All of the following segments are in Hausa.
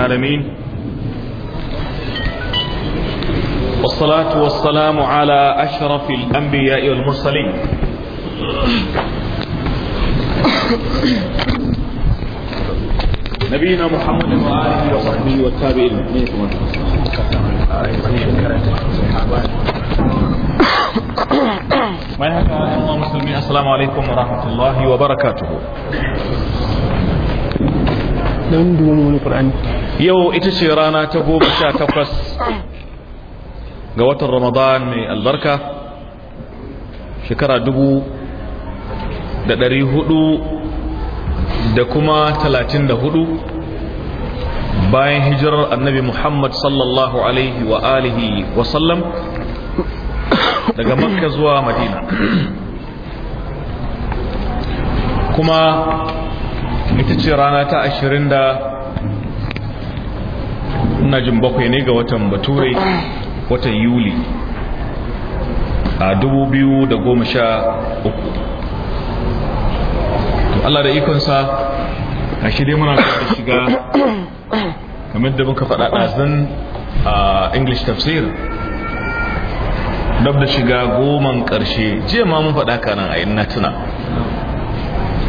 العالمين والصلاة والسلام على أشرف الأنبياء والمرسلين نبينا محمد وآله وصحبه والتابعين ما الله المسلمين السلام عليكم ورحمة الله وبركاته لو ندون القرآن yau ita ce rana ta goma sha takwas ga watan ramadan mai albarka shekara dubu da ɗari hudu da kuma talatin da hudu bayan hijirar annabi muhammad sallallahu alaihi wa alihi wasallam daga makka zuwa madina kuma ita ce rana ta ashirin da ina jin bakwai ne ga watan bature watan yuli a 2013 to allah da ikonsa a shirye muna da shiga kamar da muka faɗa ɗazin a english tafsir dab da shiga goman ƙarshe jiya ma mun faɗa kanan a ina tuna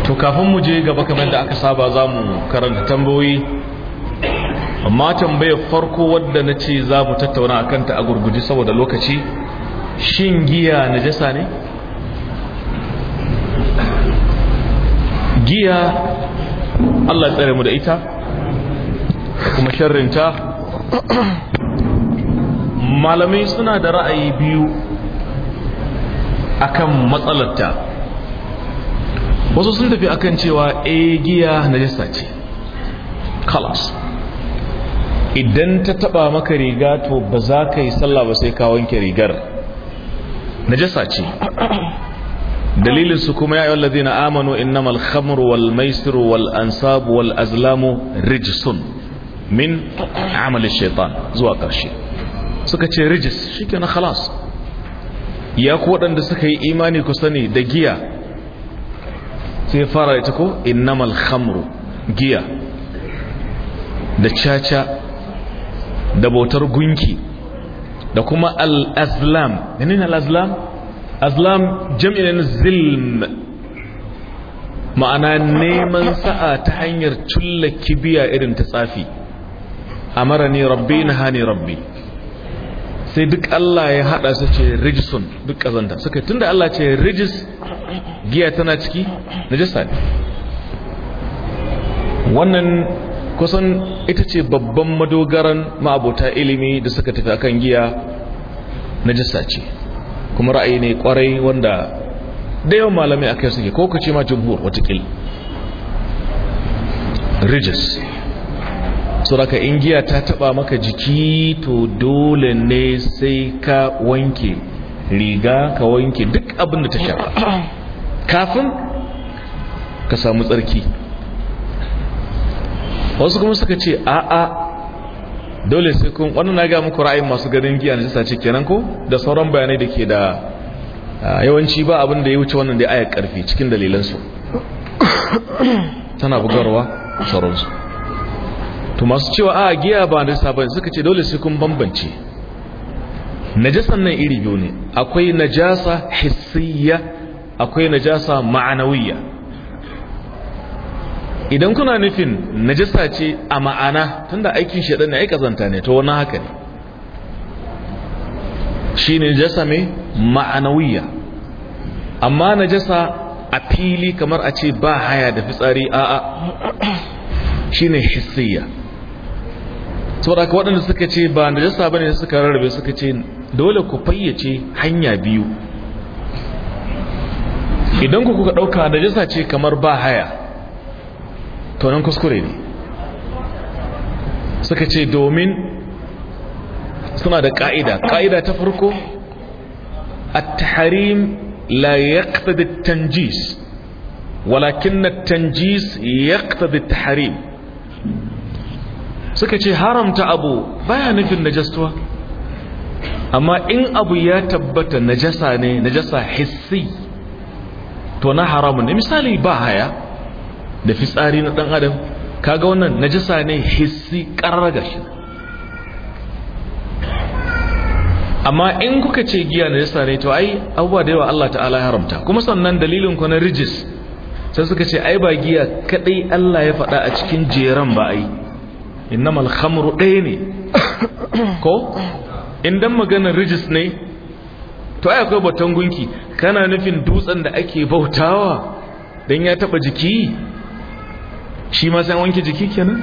to kafin mu je gaba kamar da aka saba za mu karanta tambayoyi amma tambayar farko wadda na ce za mu tattauna a kanta a gurguji saboda lokaci shin giya na jasa ne? giya Allah tsare mu da ita kuma sharrinta malamai suna da ra'ayi biyu akan matsalarta wasu sun tafi akan cewa a eh, giya na jasa ce kalas idan ta taba maka riga to ba za ka yi sallah ba sai ka wanke rigar najasa ce dalilin su kuma ya ayyuhal na amanu innamal khamru wal wal ansabu wal azlamu rijsun min amali shaitan zuwa karshe suka ce rijis na khalas ya ku waɗanda suka yi imani ku sani da giya sai fara ita ko innamal khamru giya da caca da bautar gunki da kuma al-aslam menene al azlam Azlam jami'in zilm ma'ana neman sa'a ta hanyar culla kibiya irin ta tsafi mara ne rabbi na hani rabbi sai duk Allah ya hada su ce rijisun duk kazanta suka tunda Allah ce rijis giya tana ciki najasa ne wannan kusan ita ce babban madogaran ma'abota ilimi da suka tafi akan giya na jista ce kuma ra'ayi ne kwarai wanda da yawan malamai a kai suke ko kace ma jumhur watakil rijis suraka in giya ta taba maka jiki to dole ne sai ka wanke riga ka wanke duk abin da ta shafa kafin ka samu tsarki wasu kuma suka ce a'a dole sai kun wannan na ga muku ra'ayin masu ganin giya na jisa ce kenan ko da sauran bayanai da ke da yawanci ba abin da ya wuce wannan da ayar karfi cikin dalilansu tana bugarwa sauransu to masu cewa a giya ba na jisa ba suka ce dole sai kun bambance najasan nan iri biyu ne akwai najasa hissiyya akwai najasa ma'anawiyya idan kuna nufin najasa ce a ma'ana tunda aikin shaɗa ne ai ƙazanta ne ta wani haka ne Shi ne najasa mai ma'anawiya amma najasa a fili kamar a ce ba haya da fitsari a'a ne shisiyya saboda ka waɗanda suka ce ba najasa ne suka rarrabe suka ce dole ku fayyace hanya biyu idan ku kuka ɗauka najasa ce kamar ba haya to nan kuskure ne suka ce domin suna da ƙa'ida ƙa'ida ta farko at-tahrim la ta at-tanjis walakin na tanjis yaqtadi at-tahrim suka ce haramta abu baya nufin najastuwa amma in abu ya tabbata najasa ne najasa hissi to na haramun ne misali ba haya da fitsari na dan adam kaga wannan najasa ne hissi karar gashi amma in kuka ce giya najasa ne to ai abubuwa da yawa Allah ta'ala ya haramta kuma sannan dalilin ku na rijis sai suka ce ai ba giya kadai Allah ya faɗa a cikin jeran ba ai innamal khamru ɗaya ne ko indan magana rijis ne to ai akwai batun gunki kana nufin dutsen da ake bautawa dan ya taba jiki shi ma sai wanke jiki kenan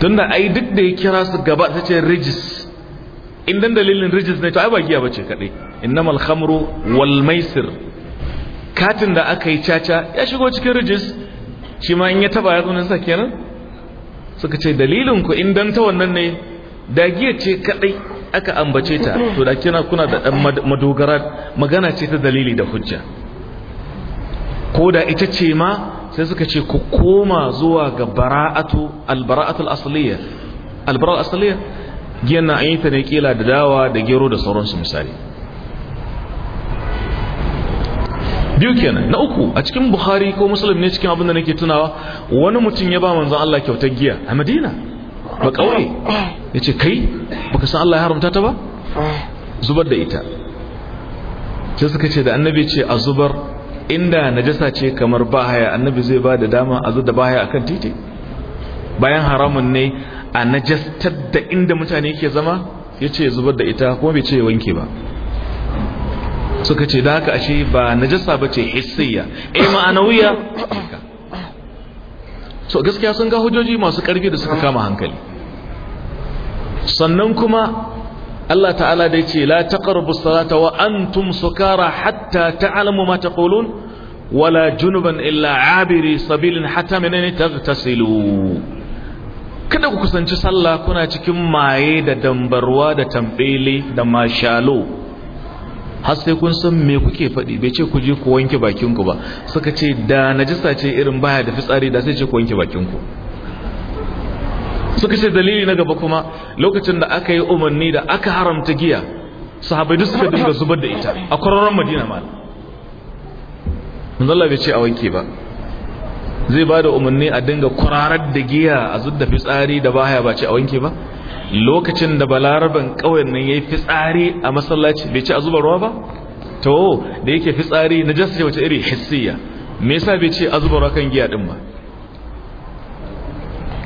tunda ai duk da ya kira su gaba ta ce rijis in dalilin rijis ne to ai ba giya bace kadai innamal khamru wal maisir katin da aka yi caca ya shigo cikin rijis shi ma in ya taba ya zuna sa kenan suka ce dalilin ku in ta wannan ne da giya ce kadai aka ambace ta to da kina kuna da dan madogara magana ce ta dalili da hujja ko da ita ce ma sai suka ce ku koma zuwa ga bara'atu albara'atu al'asaliya albara'atu giyan na an yi ne kila da dawa da gero da sauransu misali biyu kenan na uku a cikin bukhari ko musulun ne cikin abin da nake tunawa wani mutum ya ba manzan allah kyautar giya a madina ba kawai ya ce kai baka san allah ya haramta ta ba zubar da ita sai suka ce da annabi ce a zubar inda najasa ce kamar bahaya annabi zai ba da dama a zo da bahaya akan titi bayan haramun ne a najastar da inda mutane ke zama ya ce zubar da ita kuma bai ce wanke ba suka ce da haka ashe ba najasa ba ce hissiya e eh, wuya. so gaskiya sun ga hujjoji masu karfi da suka kama hankali sannan kuma Allah ta'ala dai ce la taqrabu salata wa antum sukara hatta ta'lamu ma taqulun wala junuban illa abiri sabilin hatta menene tagtasilu kada ku kusanci sallah kuna cikin maye da dambarwa da tambele da mashalo har sai kun san me kuke faɗi bai ce ku je ku wanke bakinku ba suka ce da najisa ce irin baya da fitsari da sai ce ku wanke bakinku suka ce dalili na gaba kuma lokacin da aka yi umarni da aka haramta giya sahabai duk suka dinga zubar da ita a kwararren madina mal manzala bai ce a wanke ba zai ba da umarni a dinga kwararar da giya a da fitsari da baya ba ce a wanke ba lokacin da balaraban ƙauyen nan ya fitsari a masallaci bai ce a zuba ruwa ba to da yake fitsari na ce wace iri hissiya me yasa bai ce a zuba ruwa kan giya din ba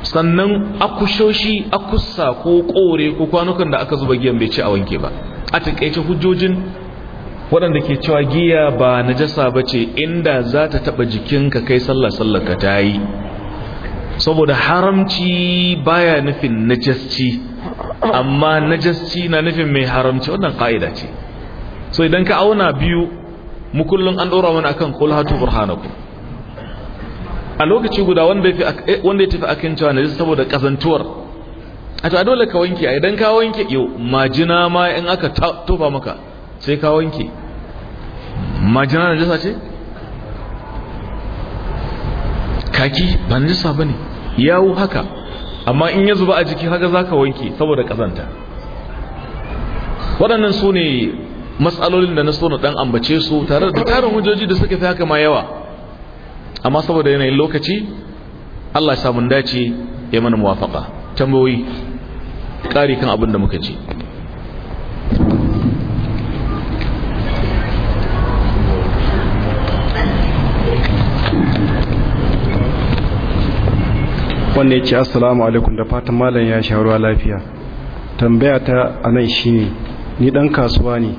sannan akushoshi akussa ko kore ko kwanukan da aka zuba giyan bai ci a wanke ba a takaice hujjojin waɗanda ke cewa giya ba najasa ba ce inda za ta taɓa ka kai sallah sallah ka ta yi saboda haramci baya nufin najasci amma najasci na nufin mai haramci wannan ka'ida ce so idan ka auna biyu mu kullum an ɗora mana akan kulhatu hatu burhanakum a lokaci guda wanda ya eh, tafi akan cewa najis saboda kazantuwar a ta dole ka wanke a idan ka wanke yau majina ma in aka tofa maka sai ka wanke majina najisa ce kaki ba najisa ba ne yawo haka amma in ya zuba a jiki haka za ka wanke saboda kazanta waɗannan su ne matsalolin da na so na ɗan ambace su tare da tarin hujjoji da suka fi haka ma yawa amma saboda yanayin lokaci Allah ya samu dace ya mana muwafaka tambayoyi ƙari kan abin da muka ce wanda ya ce assalamu alaikum da fatan malam ya shawarwa lafiya tambaya ta a nan shi ne ni dan kasuwa ne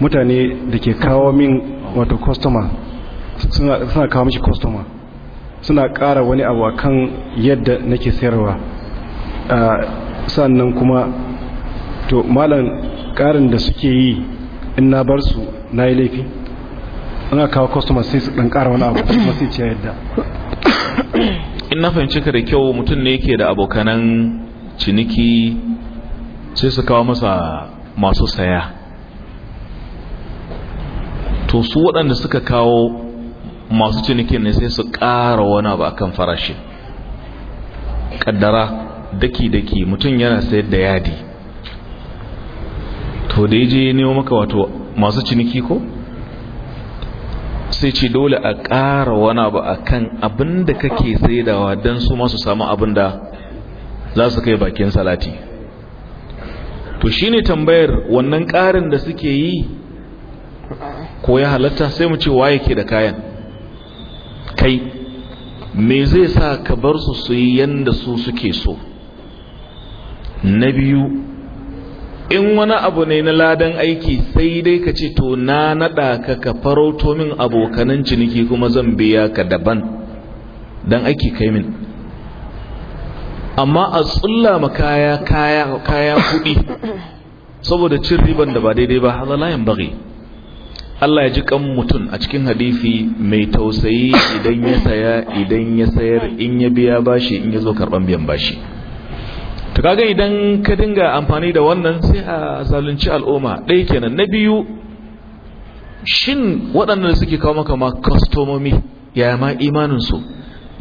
mutane da ke kawo min wato customer suna kawo mishi customer suna ƙara wani abu a kan yadda nake sayarwa sannan kuma to malam ƙarin da suke yi in na bar su na yi laifi ana kawo customer sai su ɗan ƙara wani abu kuma sai ce yadda in na fahimci ka da kyau mutum ne yake da abokanan ciniki sai su kawo masa masu saya to su waɗanda suka kawo masu ciniki ne sai su ƙara wani abu akan farashi ƙaddara daki-daki mutum yana sayar da yadi to da je nemo maka wato masu ciniki ko sai ce dole a ƙara wani abu akan abin da kake saidawa don su masu samu abin da za su kai bakin salati to shi ne tambayar wannan ƙarin da suke yi ko ya halatta sai mu ce waye ke da kayan kai me zai sa ka bar su su yi yanda su suke so na biyu in wani abu ne na ladan aiki sai dai ka ce to na naɗa ka ka farauto min abokanan ciniki kuma zan biya ka daban don aiki kai min amma a tsulla ma kaya kaya kuɗi saboda cin riban da ba daidai ba yin bagi Allah ya ji kan mutum a cikin hadisi mai tausayi idan ya saya idan ya sayar in ya biya bashi in ya zo karban biyan bashi to kaga idan ka dinga amfani da wannan sai a zalunci al'umma ɗaya kenan na biyu shin waɗannan suke kawo maka ma kastomomi ya ma imanin su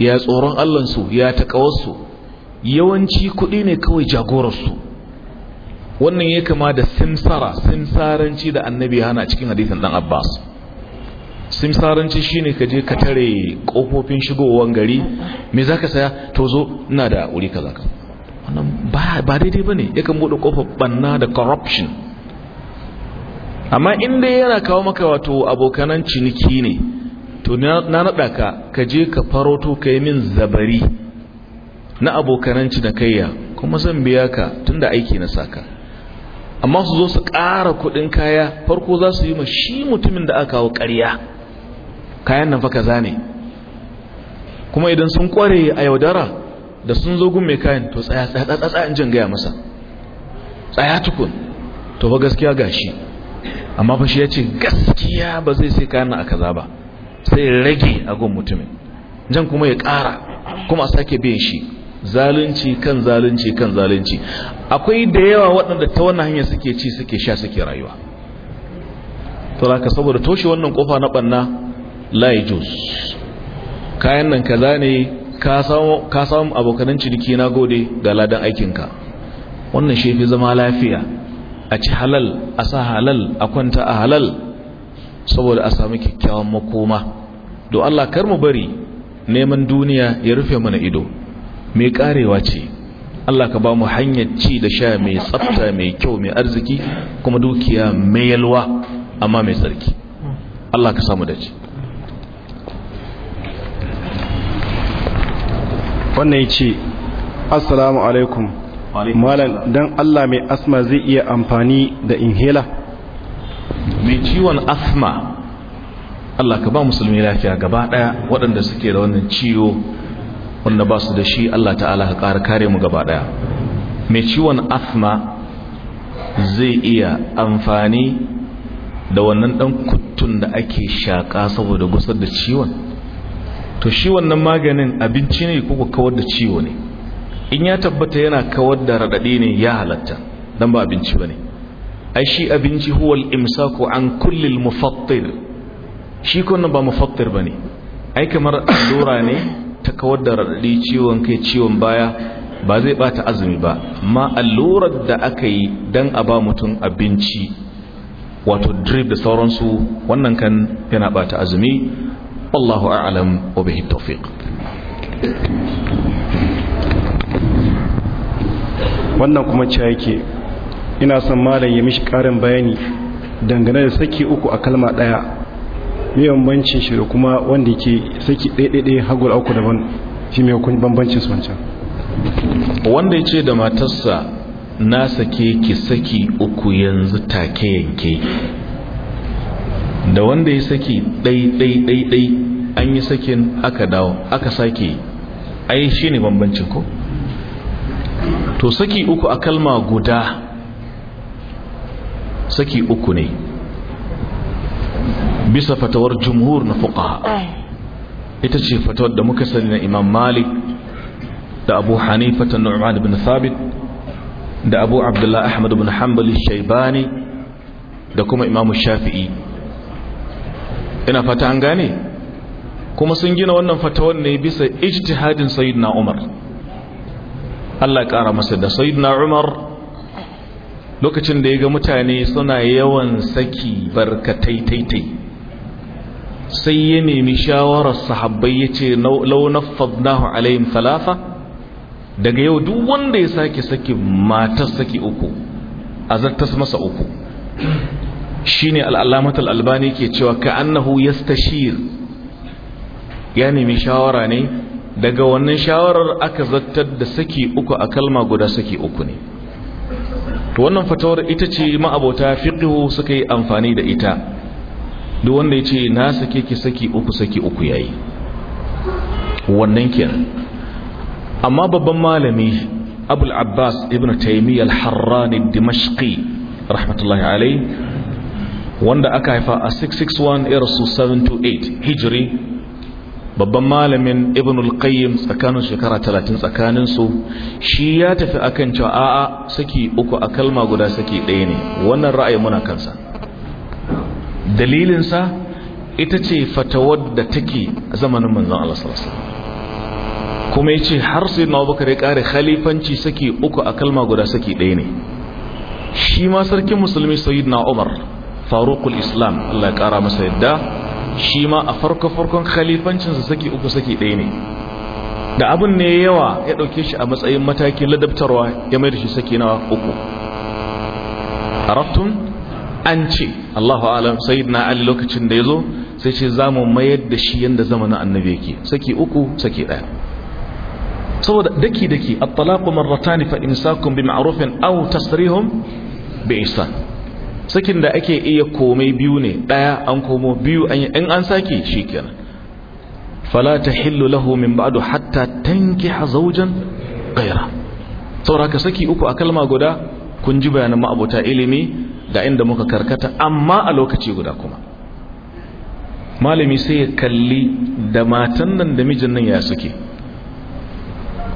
ya tsoron Allah su ya takawarsu yawanci kuɗi ne kawai jagorarsu wannan ya kama da simsara simsaranci da annabi hana cikin hadithin dan abbas simsaranci shine ka je ka tare kofofin shigowar gari me zaka saya to zo ina da wuri kaza ka wannan ba daidai bane kan bude kofar banna da corruption amma in dai yana kawo maka wato abokanan ciniki ne to na naɗa ka ka je ka faroto ka yi min zabari na abokanan cinikayya kuma zan biya ka tunda aiki na saka amma su zo su ƙara kuɗin kaya farko za su yi ma shi mutumin da aka kawo ƙarya kayan nan fa kaza ne kuma idan sun ƙware a yaudara da sun zo gun mai kayan to tsaya tsaya in jin gaya masa tsaya tukun to ba gaskiya ga shi. amma ba shi ya ce gaskiya ba zai sai kayan nan a kaza ba sai rage a gun mutumin jan kuma ya ƙara kuma a sake biyan shi zalunci kan zalunci kan zalunci akwai da yawa waɗanda ta wannan hanyar suke ci suke sha suke rayuwa talaka saboda toshe wannan kofa na banna layi jos kayan nan kaza ne ka samu abokanan ciniki na gode ga ladan aikinka wannan shefi zama lafiya a ci halal a sa halal a kwanta a halal saboda a samu kyakkyawan makoma don allah kar mu bari neman duniya ya rufe mana ido mai karewa ce Allah ka ba mu hanyar ci da sha mai tsafta mai kyau mai arziki kuma dukiya mai yalwa amma mai tsarki Allah ka samu dace wannan yace assalamu alaikum malam dan Allah mai asma zai iya amfani da inhaler mai ciwon asma Allah ka ba musulmi lafiya gaba daya waɗanda suke da wannan ciwo wanda ba su da shi Allah ta'ala ka ƙara kare mu gaba ɗaya mai ciwon asma zai iya amfani da wannan ɗan kuttun da ake shaƙa saboda gusar da ciwon to shi wannan maganin abinci ne ko kawar da ciwo ne in ya tabbata yana kawar da raɗaɗi ne ya halatta don ba abinci ba ne ai shi abinci huwal imsaku an kullil mufattir shi kunna ba mufattir ba ne ai kamar allura ne kawar da raɗaɗi ciwon kai ciwon baya ba zai bata azumi ba ma allurar da aka yi don a ba mutum abinci wato drip da sauransu wannan kan yana bata azumi wallahu a'lam wa bihi wannan kuma ci yake ina son malam ya mishi karin bayani dangane da saki uku a kalma ɗaya. mai bambancin shi da kuma wanda yake saki ɗaiɗaiɗai hagul auku daban shi mai hukun bambancin su wancan wanda ya ce da matarsa na sake ki saki uku yanzu take yanke da wanda ya saki ɗaiɗaiɗaiɗai an yi sakin aka dawo aka sake ai shi ne bambancin ko to saki uku a kalma guda saki uku ne bisa fatawar jumhur na fuqaha eh. ita ce fatawar da muka sani na imam malik da abu hanifa ta nu'man ibn thabit da abu abdullah ahmad ibn hanbali shaybani da kuma imam shafi'i ina fata an gane kuma sun gina wannan fatawar ne bisa ijtihadin sayyidina umar Allah ya kara masa da sayyidina umar lokacin da ya ga mutane suna yawan saki barkataitaitai sai ya nemi shawarar sahabbai ya ce launar alayhim salafa daga yau duk wanda ya sake saki matar sake uku a zartas masa uku Shi ne al'alamatul albani ke cewa ka annahu yastashir ya nemi shawara ne daga wannan shawarar aka zartar da saki uku a kalma guda sake uku ne wannan fatawar ita ce ma'abota fiƙihu suka yi amfani da ita duk wanda ya ce na sake ki saki uku saki uku yayi wannan kenan amma babban malami abul abbas ibn taymiyyah al-harrani dimashqi rahmatullahi alayhi wanda aka haifa a 661 su 728 hijri babban malamin ibn al-qayyim tsakanin shekara 30 tsakanin su shi ya tafi akan cewa a'a saki uku a kalma guda saki ɗaya ne wannan ra'ayi muna kansa dalilinsa ita ce fatawar da take zamanin manzon Allah sallallahu kuma yace har sai na Abubakar ya kare khalifanci saki uku a kalma guda saki ɗaya ne shi ma sarkin musulmi sayyidina Umar Faruqul Islam Allah ya kara masa yadda shi ma a farko farkon khalifancinsa saki uku saki ɗaya ne da abin ne yawa ya ɗauke shi a matsayin matakin ladabtarwa ya mai da shi saki na uku araftun an ce Allahu alam sayyidina Ali lokacin da yazo sai ce zamu mayar da shi yanda zamanin annabi yake saki uku saki daya saboda daki daki at-talaqu marratan fa imsakum bi aw tasrihum bi sakin da ake iya komai biyu ne daya an komo biyu an in an saki shikenan fala tahillu lahu min ba'du hatta tankiha zawjan ghayra saboda ka saki uku a kalma guda kun ji bayanan ma'abota ilimi ga inda muka karkata amma a lokaci guda kuma malami sai ya kalli da matan nan da mijin nan ya suke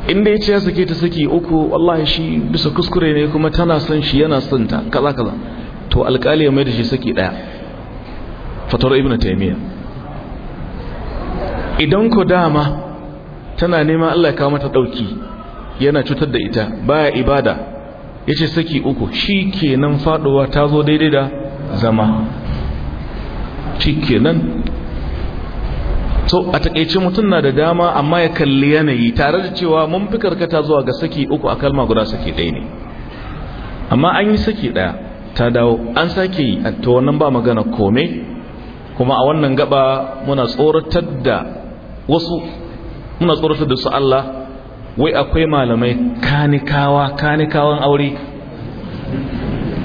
inda ya ce ya suke ta suke uku wallahi shi bisa kuskure ne kuma tana son shi yana son ta kaza kaza to alkali ya mai da shi suke daya fatawar ibn taymiya idan ku dama tana neman Allah ya kawo mata dauki yana cutar da ita baya ibada ya ce saki uku shi kenan faduwa ta zo daidai da zama shi kenan so a takaice mutum na da dama amma ya kalli yanayi tare da cewa mun fi karkata zuwa ga saki uku a kalma guda saki ɗaya ne amma an yi saki ɗaya ta dawo an sake yi a wannan ba magana kome kuma a wannan gaba muna tsoratar da wasu muna tsoratar da su Allah wai akwai malamai kanikawa kanikawan aure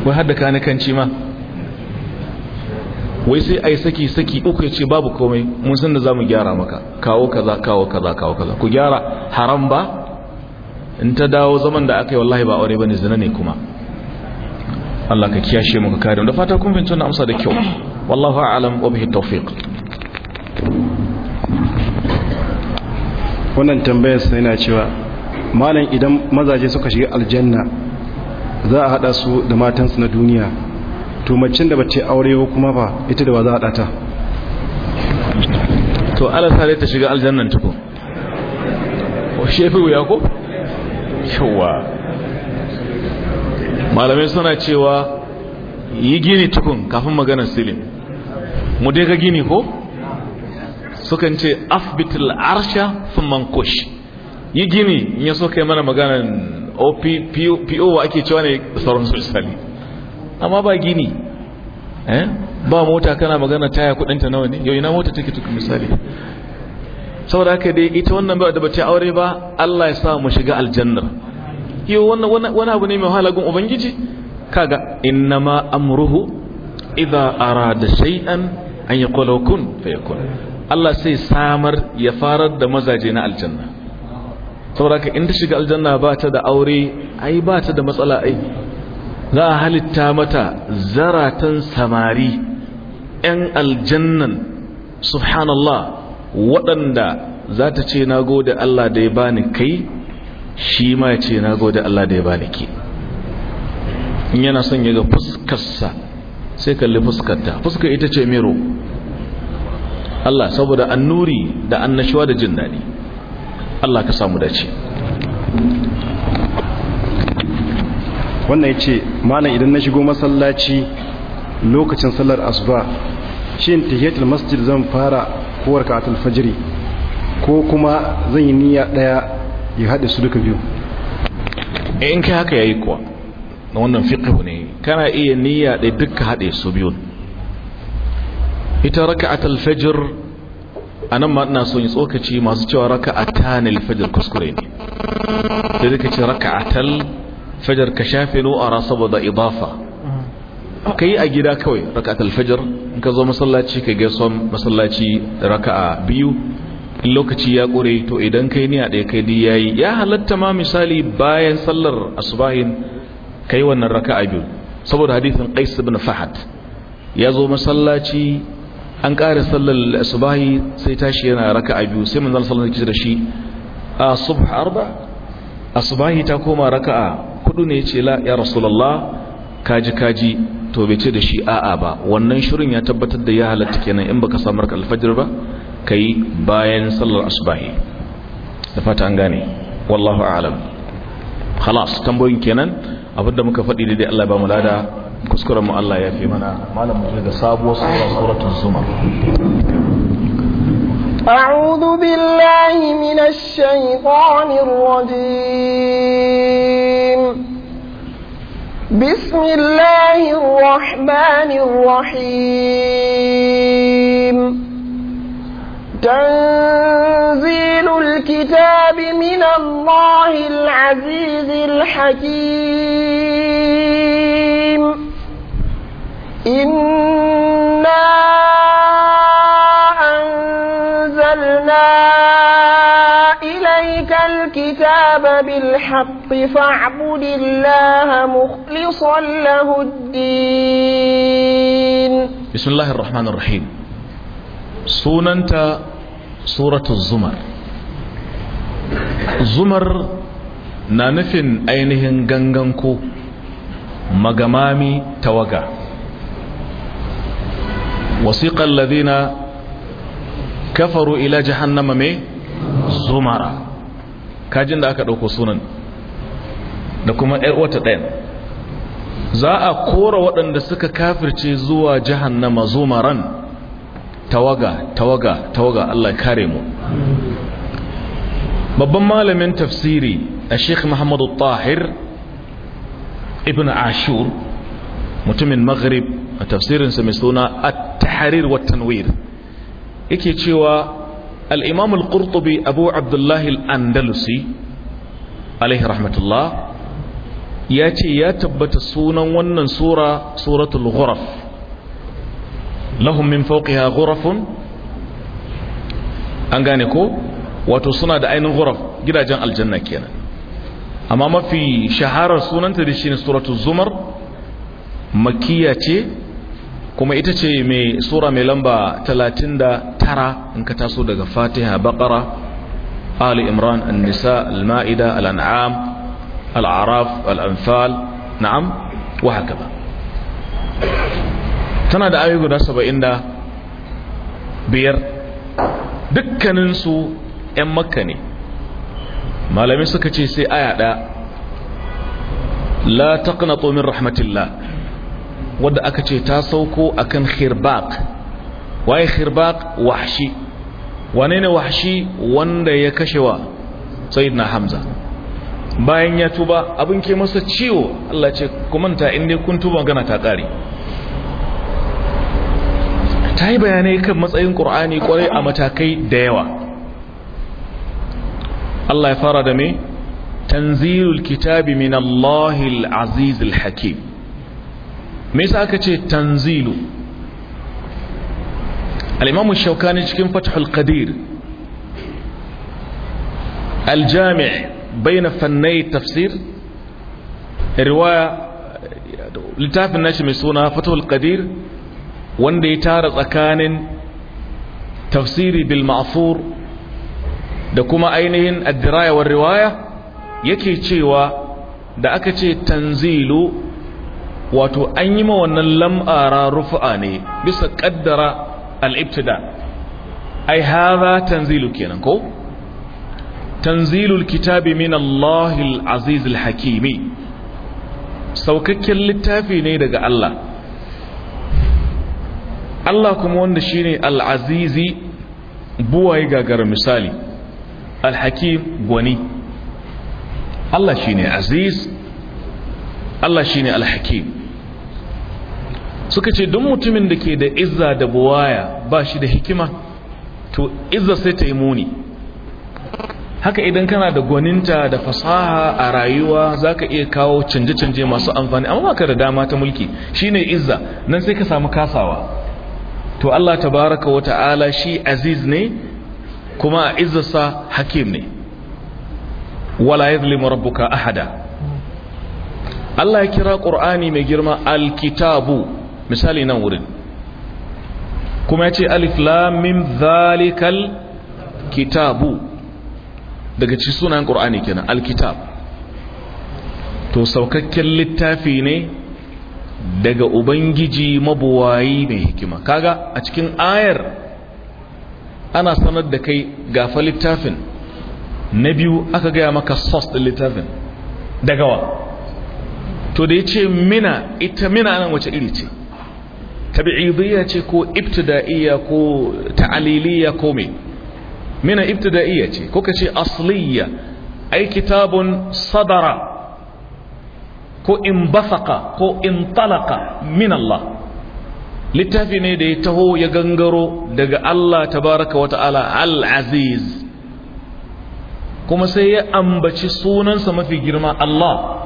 wai hada kanikanci ma wai sai a yi saki-saki uku ya ce babu komai mun san da za mu gyara maka kawo kaza kawo kaza kawo kaza ku gyara haram ba in ta dawo zaman da aka yi wallahi ba aure ba ne zina ne kuma Allah ka kiyashe muka kare da fata kun fahimci wannan amsa da kyau wallahu a'lam wa bihi tawfiq wannan tambayar sa yana cewa malam idan mazaje suka shiga aljanna za a hada su da matansu na duniya to macin da bace aure ba kuma ba ita da ba za a hada ta to Allah sare ta shiga aljannan tuko shefi wuya ko yawa malamai suna cewa yi gini tukun kafin maganar silin mu dai ka gini ko sukan ce afbitul arsha sun mankush yi gini ya so kai mana maganan opo ake cewa ne sauran su misali amma ba gini eh? ba mota kana magana taya kudinta nawa ne yau ina mota take tuku misali saboda haka dai ita wannan ba da bace aure ba Allah ya sa mu shiga aljanna yau wannan wani abu ne mai wahala gun ubangiji kaga innama amruhu idza arada shay'an an yaqulu kun fayakun Allah sai samar ya farar da mazaje na aljanna saboda ka in ta shiga aljanna ba ta da aure ai ba ta da matsala ai za a halitta mata zaratan samari 'yan aljannan subhanallah waɗanda za ta ce na gode Allah da ya bani kai shi ma ya ce na gode Allah da ya bani ke in yana son ya ga fuskarsa sai kalli fuskarta fuskar ita ce mero Allah saboda annuri da annashuwa da jin daɗi Allah ka samu dace wannan ya ce malam idan na shigo masallaci lokacin sallar asuba shin tahiyatul masjid zan fara ko katul fajri ko kuma zan yi niyya daya ya hada su duka biyu eh, in kai haka yayi kuwa na wannan fiqh ne kana iya niyya da duka hade su biyun ita raka'at al-fajr anan ma ina so in tsokaci masu cewa raka'atan al-fajr kuskure ne sai duka ce raka'atal fajr ka shafe no ara saboda idafa kai a gida kawai raka'at al-fajr in ka zo masallaci ka ga son masallaci raka'a biyu in lokaci ya kure to idan kai ni a ɗaya kai dai yayi ya halatta ma misali bayan sallar asubahin kai wannan raka'a biyu saboda hadisin qais ibn fahad ya zo masallaci an ƙara sallar subahi sai tashi yana raka a biyu sai manzan sallar da shi a subh arba a subahi ta koma raka a kudu ne ce la ya rasulallah kaji kaji to bai ce da shi a'a ba wannan shirin ya tabbatar da ya halatta kenan in baka samu raka alfajir ba kai bayan sallar asubahi da fata an gane wallahu a'lam خلاص tambayoyin kenan abinda muka faɗi daidai Allah ba mu lada kuskuren mu Allah ya fi mana malam mu da sabuwar sura suratul zumar أعوذ بالله من الشيطان الرجيم بسم الله الرحمن الرحيم تنزيل الكتاب من الله العزيز الحكيم إنا أنزلنا إليك الكتاب بالحق فاعبد الله مخلصا له الدين بسم الله الرحمن الرحيم سننت سورة الزمر الزمر نانفن أينهن غنغنكو ganganko magamami wasiƙa alladhina kafaru ila jahannama me zumara kajin da aka ɗauko sunan da kuma ɗan wata ɗayan za a kora waɗanda suka kafirce zuwa jahannama zumaran tawaga tawaga tawaga Allah kare mu babban malamin tafsiri a sheikh muhammadu tahir ibn ashur mutumin maghrib a tafsirinsa mai suna a tahrir wa tanwir yake cewa al-imam al-qurtubi abu abdullah al-andalusi alaihi rahmatullah ya ce ya tabbata sunan wannan sura suratul ghuraf lahum min fawqiha ghurafun an gane ko wato suna da ainihin ghuraf gidajen aljanna kenan amma mafi shaharar sunanta da shi ne suratul zumar makiya ce kuma ita ce mai sura mai lamba 39 in ka taso daga fatiha bakara ali imran an-nisa al-ma'ida al-an'am al-a'raf al-anfal na'am wa ba tana da ayoyi guda 75 dukkanin su ƴan makka ne malami suka ce sai aya ɗaya la taqnatu min rahmatillah wadda aka ce ta sauko akan khirbaq waye khirbaq wahshi wane ne wahshi wanda ya kashewa sayyidina hamza bayan ya tuba abin ke masa ciwo Allah ce kumanta in dai kun tuba gana ta kare ta yi bayanai kan matsayin ƙur'ani kwarai a matakai da yawa Allah ya fara da me tanzilul kitabi min Allahil azizil hakim me yasa aka ce tanzilu al imamu shaukani cikin fathul qadir al-jami' bayna fannai tafsir riwaya littafin nashi mai suna fathul qadir wanda ya tara tsakanin tafsiri bil mafur da kuma ainihin ad wa riwaya yake cewa da aka ce tanzilu wato an yi ma wannan lam'ara rufu'a ne bisa kaddara al-ibtida ai hada tanzilu kenan ko tanzilul kitabi min Allahil al hakimi saukakken littafi ne daga Allah Allah kuma wanda shine al-azizi buwaye gagara misali al-hakim gwani Allah shine aziz Allah shi ne alhaki suka ce don mutumin da ke da izza da buwaya ba shi da hikima to izza sai ta yi muni haka idan kana da gwaninta da fasaha a rayuwa za ka iya kawo canje-canje masu amfani amma ka da dama ta mulki shine izza nan sai ka samu kasawa to Allah tabaraka wa ta'ala shi aziz ne kuma a izza sa hakim ne wala buka rabbuka ahada Allah ya kira ƙur'ani mai girma alkitabu misali nan wurin kuma ya ce alif zalikal kitabu daga ci sunan ƙur'ani kenan alkitab to saukakken littafi ne daga ubangiji mabuwayi mai hikima kaga a cikin ayar ana sanar da kai gafa littafin na biyu aka gaya maka sos ɗin littafin daga wa to da ya ce mina ita mina nan wace iri ce tabi'idiyya ce ko ibtida'iyya ko ta'aliliya ko me mina ibtida'iyya ce ko ka ce asliya ai kitabun sadara ko in bafaka ko in talaka min Allah littafi ne da ya taho ya gangaro daga Allah tabaraka wa ta'ala al-aziz kuma sai ya ambaci sunansa mafi girma Allah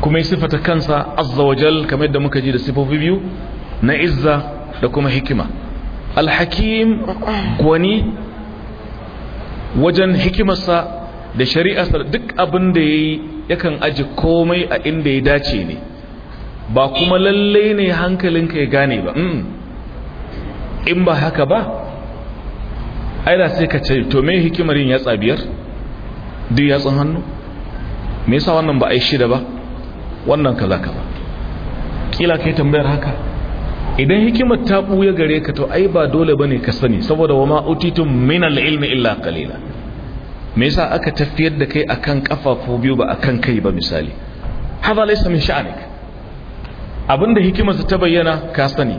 kuma ya sifata kansa azza wajal kamar yadda muka ji da sifofi biyu na izza da kuma hikima alhakim gwani wajen hikimarsa da shari'arsa duk abin da ya yi yakan aji komai a inda ya dace ne ba kuma lalle ne hankalinka ya gane ba mm. in ba haka ba aida sai ka ce to me hikimar yin yatsa biyar duk yatsun hannu me yasa wannan ba a yi shida ba wannan kaza kaza kila kai tambayar haka idan hikimar ta buya gare ka to ai ba dole bane ka sani saboda wama utitum min al-ilmi illa qalila me yasa aka tafiyar da kai akan kafafu biyu ba akan kai ba misali hada laysa min sha'anik abinda hikimar ta bayyana ka sani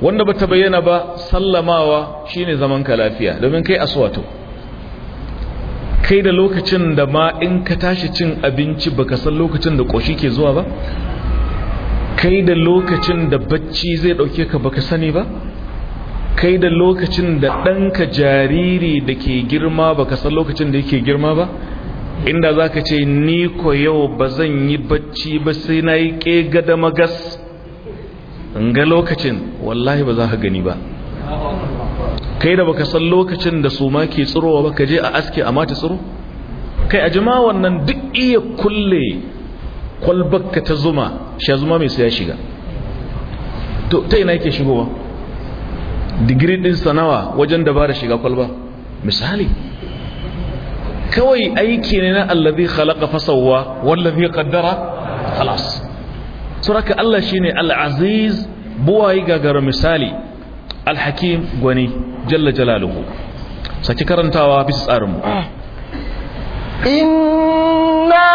wanda ba ta bayyana ba sallamawa shine zaman ka lafiya domin kai aswato kai da lokacin da ma in ka tashi cin abinci baka san lokacin da ƙoshi ke zuwa ba kai da lokacin da bacci zai ɗauke ka baka sani ba kai da lokacin da ɗanka jariri da ke girma baka san lokacin da yake girma ba inda za ka ce ni ko yau ba zan yi bacci ba sai na yi ga da magas in ga lokacin wallahi ba za ka gani ba kai da baka san lokacin da su ke tsirowa ba ka je a aske a mata tsiro kai a jima wannan duk iya kulle kwalbaka ta zuma sha zuma mai ya shiga to ta ina yake shigowa digiri din sanawa wajen da ba da shiga kwalba misali kawai aiki ne na allazi khalaqa fasawa wallazi qaddara khalas suraka Allah shine al'aziz aziz buwayi gagara misali alhakim gwani jalla jalaluhu saki karantawa bisa tsarinmu inna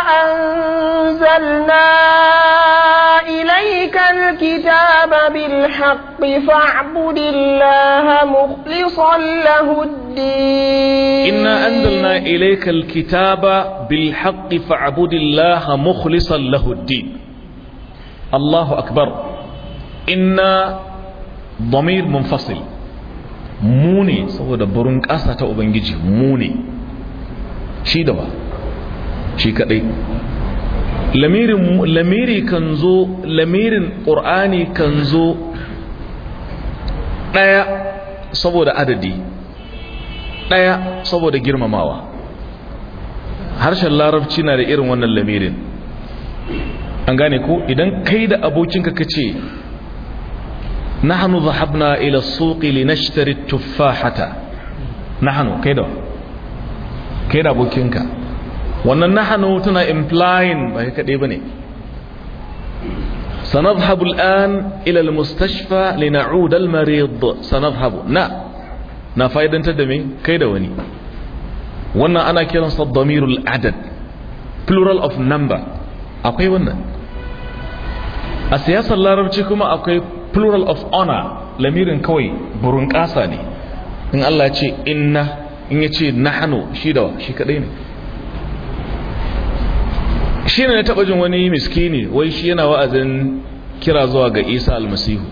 anzalna ilayka alkitaba bilhaqqi fa'budillaha mukhlishan lahuddin inna anzalna ilayka alkitaba bilhaqqi fa'budillaha mukhlishan lahuddin Allahu akbar inna Domir منفصل mu ne saboda burin ƙasa ta ubangiji mu ne shi da ba shi kaɗai lamiri kan zo lamirin qur'ani kan zo ɗaya saboda adadi ɗaya saboda girmamawa harshen larabci na da irin wannan lamirin an gane ko idan kai da abokinka ka ce نحن ذهبنا إلى السوق لنشتري التفاحة نحن كده كده بوكينكا wannan nahanu tana implying ba kaɗai ba ne sanadhabu al'an ila al-mustashfa li na'ud al-marid sanadhabu na na fa'idantar da kai da wani ana plural of number akwai wannan a siyasar larabci kuma akwai plural of honor lamirin kawai burin kasa ne in Allah ce inna in ya ce nahanu shi da shi kadai ne shi ne taɓa jin wani miskini wai shi yana wa'azin kira zuwa ga isa almasihu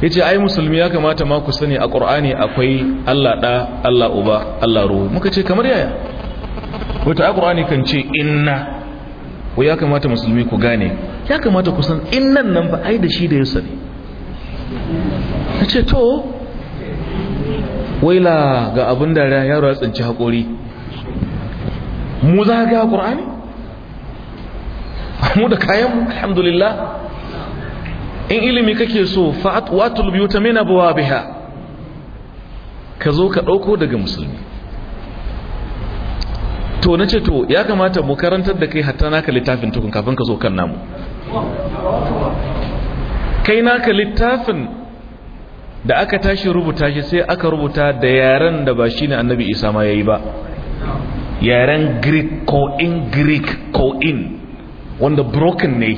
ya ce ai musulmi ya kamata ma ku sani a ƙur'ani akwai allah ɗa allah uba allah ruhu muka ce kamar yaya wata a ƙur'ani kan ce inna wai ya kamata musulmi ku gane ya kamata kusan in nan nan ba ai da shi da yusa ne na ce to waila ga abin da yaro ya tsinci haƙori mu za ga ƙur'ani mu da kayan alhamdulillah in ilimi kake so fa'at watul biyuta min abwabiha ka zo ka dauko daga musulmi to nace to ya kamata mu karantar da kai hatta naka littafin tukun kafin ka zo kan namu kai naka littafin da aka tashi rubuta shi sai aka rubuta da yaren da ba shi ne annabi isa ma ya yi ba yaren greek ko in greek ko in wanda broken ne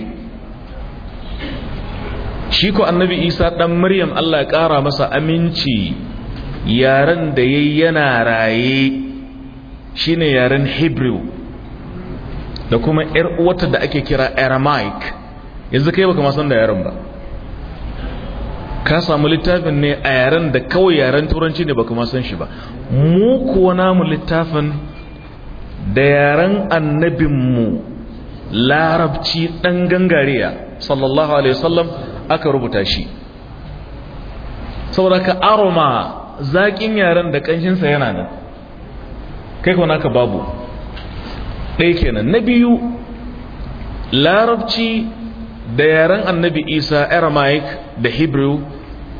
shi ko annabi isa dan maryam allah ya kara masa aminci yaren da ya yana raye shine yaren hebrew da kuma yar uwarta da ake kira aramaic yanzu kai baka san da yaren ba ka samu littafin ne a yaren da kawai yaren turanci ne baka san shi ba mu kuwa namu littafin da yaren annabinmu larabci ɗan gangariya sallallahu alaihi wasallam aka rubuta shi saboda ka aroma zaƙin yaren da ƙanshinsa yana nan kai kwana ka babu ɗaya kenan na biyu larabci da yaren annabi isa aramaic da hebrew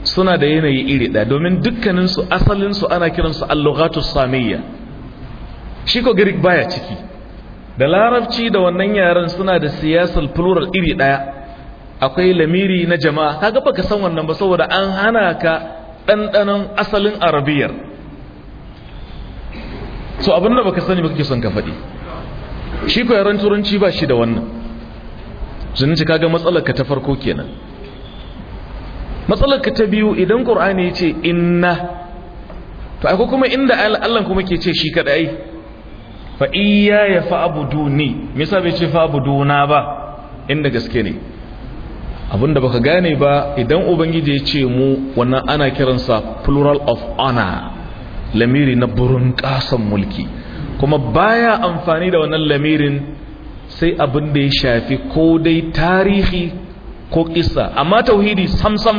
suna da yanayi iri ɗaya domin dukkaninsu asalinsu ana kiransu allogatu samiyya shi ko greek baya ciki da larabci da wannan yaren suna da siyasar plural iri ɗaya akwai lamiri na jama'a kaga baka san wannan ba saboda an hana ka ɗanɗanon asalin arabiyar so abin da baka sani ba kake son ka faɗi shi ko yaren turanci ba shi da wannan sun ce kaga matsalarka ta farko kenan matsalarka ta biyu idan ƙur'ani ya ce inna to aiko kuma inda allah kuma ke ce shi kaɗai fa iyya ya fa'buduni ni yasa bai ce fa'buduna ba inda gaske ne abinda baka gane ba idan ubangiji ya ce mu wannan ana kiransa plural of honor lamiri na burin kasan mulki kuma baya amfani da wannan lamirin sai abin da ya shafi ko dai tarihi ko kisa amma tauhidi samsam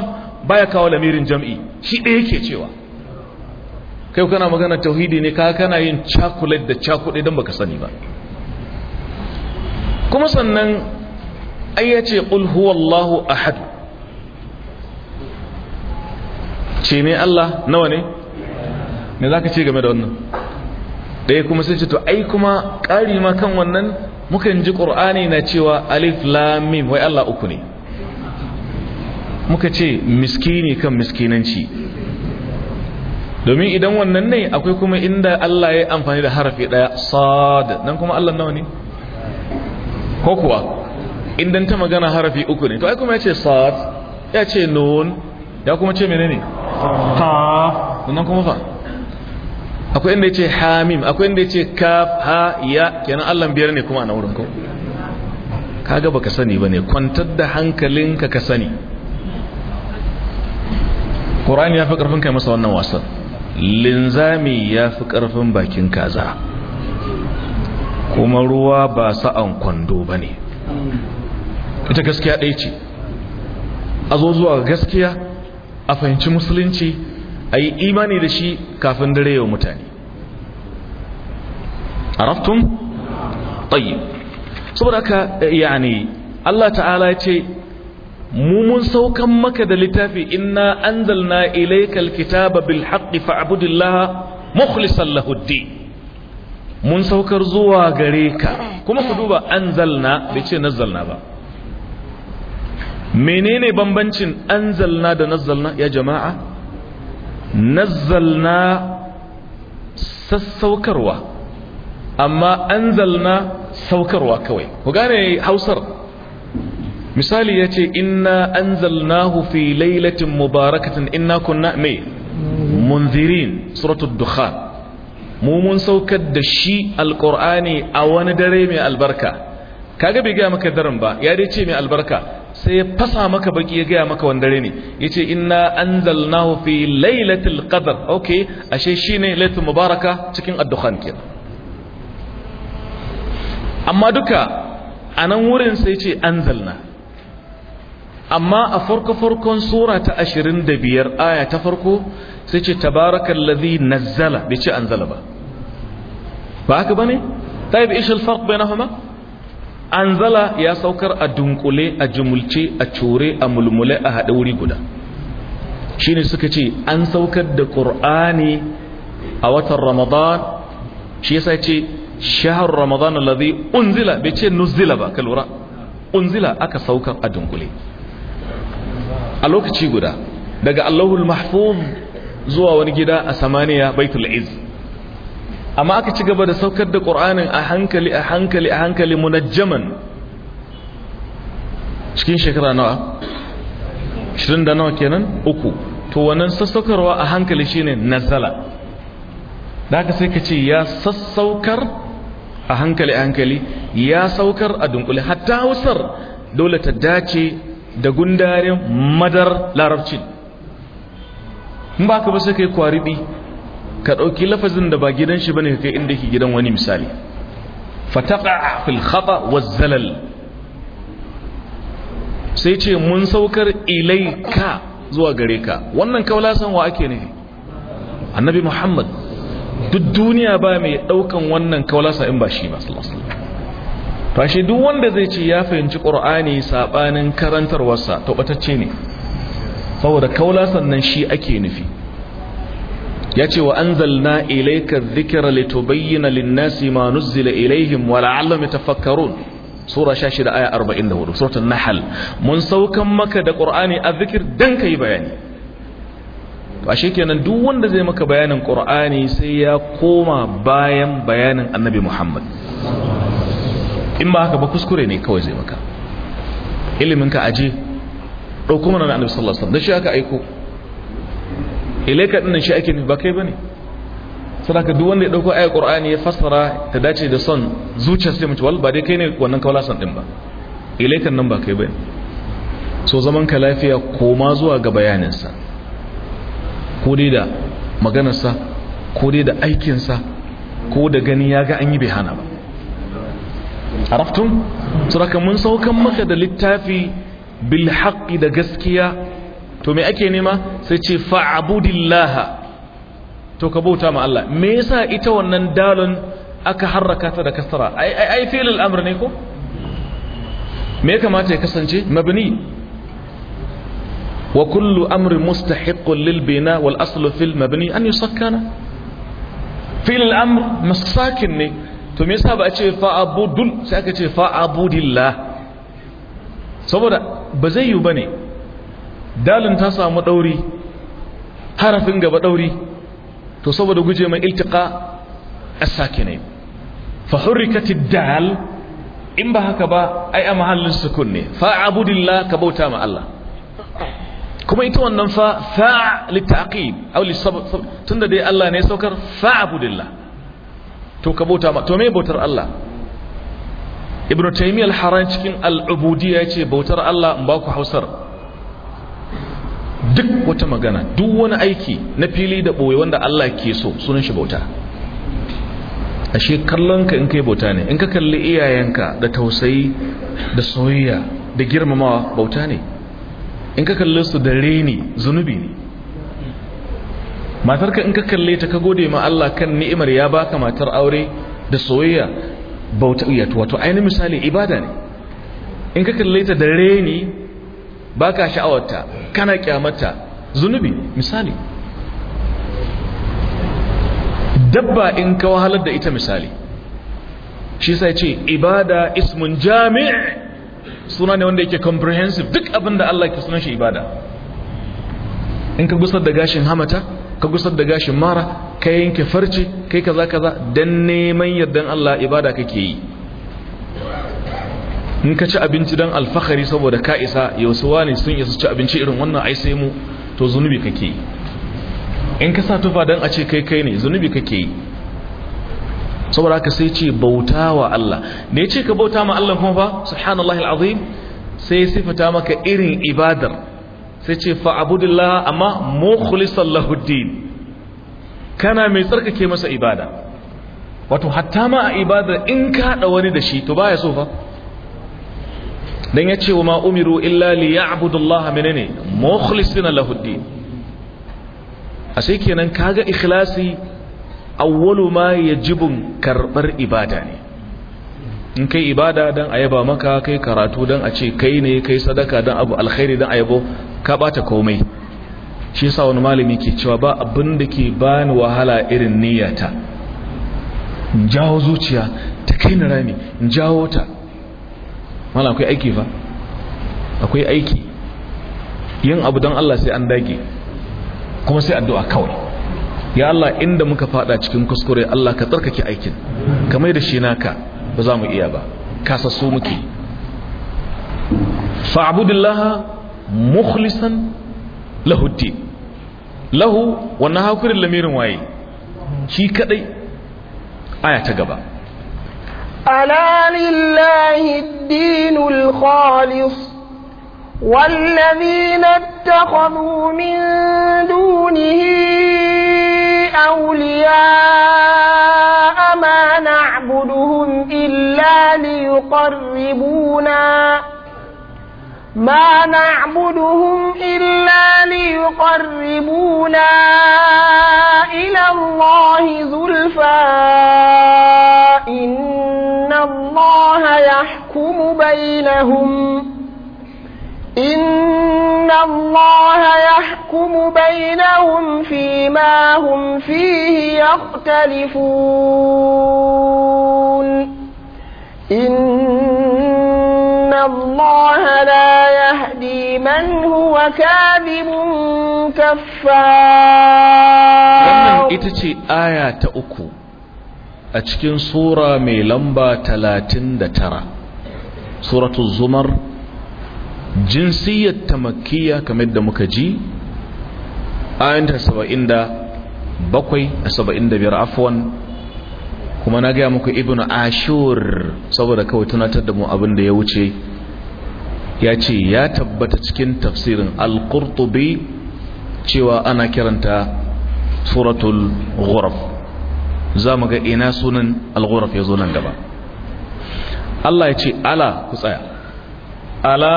baya kawo lamirin jam'i shi ɗaya yake cewa kai kana magana tauhidi ne ka kana yin chocolate da chocolate don baka sani ba kuma sannan ai ya ce qul huwallahu ahad ce ne Allah nawa ne me zaka ce game da wannan ɗaya kuma sai ce to ai kuma ƙari ma kan wannan mukan ji ƙur'ani na cewa alif lamim wai Allah uku ne muka ce miskini kan miskinanci domin idan wannan ne akwai kuma inda Allah ya amfani da harafi daya sad nan kuma Allah nawa ne ko kuwa idan ta magana harafi uku ne to ai kuma ya ce sad ya ce nun ya kuma ce menene ta nan kuma fa akwai inda yace hamim akwai inda yace kaf ha ya kenan Allah biyar ne kuma a wurin ko kaga baka sani bane kwantar da hankalinka ka sani Qur'ani ya fi karfin kai masa wannan wasan linzami ya fi karfin bakin kaza kuma ruwa ba sa'an kwando bane ita gaskiya ɗaya ce a zo zuwa gaskiya a fahimci musulunci a yi imani da shi kafin dare yau mutane araftun ɗayi saboda haka yani Allah ta'ala ya ce mu mun saukan maka da littafi ina anzalna ilaikal kitaba bil haqqi fa'budillaha mukhlishan lahuddi mun saukar zuwa gare ka kuma ku duba anzalna bai ce nazzalna ba menene bambancin anzalna da nazzalna ya jama'a nazzalna sassaukarwa amma anzalna saukarwa kawai ku gane hausar misali ya ce inna anzalnahu fi lailatin mubarakatin inna kunna mai munzirin suratul dukhan mu mun saukar da shi alqur'ani a wani dare mai albarka kaga bai gaya maka daren ba ya dai ce mai albarka sai ya fasa maka baki ya gaya maka wanda ne ya ce inna anzalnahu fi lailatul qadr okay ashe ne lailatul mubaraka cikin addukhan kenan amma duka a nan wurin sai ce anzalna amma a farko farkon sura ta da biyar aya ta farko sai ce tabarakallazi nazzala bai ce anzala ba ba haka bane طيب ايش الفرق بينهما anzala ya saukar a dunkule a jumulce a cure a mulmule a haɗe wuri guda shine suka ce an saukar da ƙur'ani a watan ramadan shi yasa ce shahar ramadan alladhi unzila bai ce nuzila ba ka lura unzila aka saukar a dunkule a lokaci guda daga allahul mahfuz zuwa wani gida a samaniya baitul izz amma aka ci gaba da saukar da ƙur'anin a hankali a hankali a hankali munajjaman cikin shekara nawa 20 da nawa kenan uku to wannan sassaukarwa a hankali shine nazala da aka sai ka ce ya sassaukar a hankali a hankali ya saukar a dunkule hatta hausar dole ta dace da gundarin madar larabcin in ba ka ba sai ka yi kwaribi ka ɗauki lafazin da ba gidan shi bane ka kai inda yake gidan wani misali fataqa fil khata zalal sai ce mun saukar ilaika zuwa gare ka wannan san wa ake nufi annabi muhammad duk duniya ba mai ɗaukan wannan sa in ba shi ba fashe duk wanda zai ce ya fahimci ƙur'ani saɓanin karantarwarsa taɓatacce ne saboda kaula nan shi ake nufi ya ce wa an zalna ilaika zikira litubayyana linnasi ma nuzzila ilaihim wa la'allam yatafakkarun sura 16 aya 44 suratul nahl mun saukan maka da qur'ani a azzikir dan kai bayani to ashe kenan duk wanda zai maka bayanin qur'ani sai ya koma bayan bayanin annabi muhammad in ba haka ba kuskure ne kawai zai maka ilimin ka aje ɗauko mana annabi sallallahu alaihi wasallam da shi aka aiko ilaika dinnan shi ake nufi ba kai bane saboda duk wanda ya dauko ayar qur'ani ya fassara ta dace da son zuciya sai mutuwal ba dai kai ne wannan kawla son din ba ilaika nan ba kai bane so zaman ka lafiya koma zuwa ga bayanin sa ko dai da maganar sa ko dai da aikin sa ko da gani ya ga an yi bai hana ba araftun saboda mun saukan maka da littafi bil haqqi da gaskiya to me ake nema sai ce fa'abudillaha to ka bauta ma Allah me yasa ita wannan dalon aka harraka ta da kasara ai ai ai fi'il al ne ko me ya kamata ya kasance mabni wa kullu amrin mustahiqqun lil bina wal aslu fil mabni an yusakkana fi'il al-amr masakin ne to me yasa ba a ce fa'abudul sai aka ce fa'abudillah saboda ba zai yi bane dalin ta samu ɗauri harafin gaba ɗauri to saboda guje mai iltika a sake ne fahurrikati dal in ba haka ba ai a mahallin sukun ne fa'abudillah ka bauta ma Allah kuma ita wannan fa fa litaqib aw lisabab tunda dai Allah ne saukar fa'abudillah to ka bauta ma to me bautar Allah ibn taymiyyah al-haran cikin al-ubudiyya yace bautar Allah in ba ku Hausar duk wata magana duk wani aiki na fili da boye wanda Allah ke so sunan shi bauta ashe kallonka in kai bauta ne in ka kalli iyayenka da tausayi da soyayya da girmamawa bauta ne in ka kalle su da reni zunubi ne matarka in ka kalle ta ka gode ma Allah kan ni'imar ya baka matar aure da soyayya bauta wato ainihin misali ibada ne in ka kalle ta da reni baka sha'awarta kana kyamata zunubi misali dabba in ka wahalar da ita misali shi sai ce ibada ismun jami' suna ne wanda yake comprehensive duk abin da Allah ke sunan shi ibada in ka gusar da gashin hamata ka gusar da gashin mara ka yanke farce kai kaza kaza dan neman yardan Allah ibada kake yi in ka ci abinci don alfahari saboda ka isa yausu wani sun isa ci abinci irin wannan ai sai mu to zunubi kake yi in ka sa tufa don a ce kai kai ne zunubi kake yi saboda ka sai ce bauta wa Allah da ya ce ka bauta ma Allah kuma fa subhanallahi alazim sai sifata maka irin ibadar sai ce fa'abudillah amma mukhlisan lahuddin kana mai tsarkake masa ibada wato hatta ma a ibada in ka haɗa wani da shi to baya so fa dan ya ce wa ma umiru illa li ya'budullaha menene mukhlisina lahu A sai kenan kaga ikhlasi awwalu ma yajibun karbar ibada ne in kai ibada dan ayaba maka kai karatu dan a ce kai ne kai sadaka dan abu alkhairi dan ayabo ka bata komai shi yasa wani malami ke cewa ba abin da ke bani wahala irin niyyata in jawo zuciya ta kai na rami in jawo ta mana akwai aiki fa akwai aiki yin abu don Allah sai an dage kuma sai addu'a kawai ya Allah inda muka fada cikin kuskure Allah ka tsarkake aikin kamar da shi naka ba za mu iya ba kasa so muke fa'budillaha mukhlisan lahu lahu wannan hakurin lamirin waye shi kadai aya ta gaba ألا لله الدين الخالص والذين اتخذوا من دونه أولياء ما نعبدهم إلا ليقربونا ما نعبدهم إلا ليقربونا إلى الله زلفى الله يحكم بينهم إن الله يحكم بينهم فيما هم فيه يختلفون إن الله لا يهدي من هو كاذب كفار. wannan ita ce a cikin sura mai lamba 39 suratu zumar jinsiyyar tamakkiya kamar da muka ji ayanta 77 a 75 afwan kuma na gaya muku ibnu ashur saboda kawai tunatar da mu abin da ya wuce ya ce ya tabbata cikin tafsirin al-qurtubi cewa ana kiranta suratul ghuraf za mu ga ina sunan al-ghuraf ya zo nan gaba Allah ya ce ala ku tsaya ala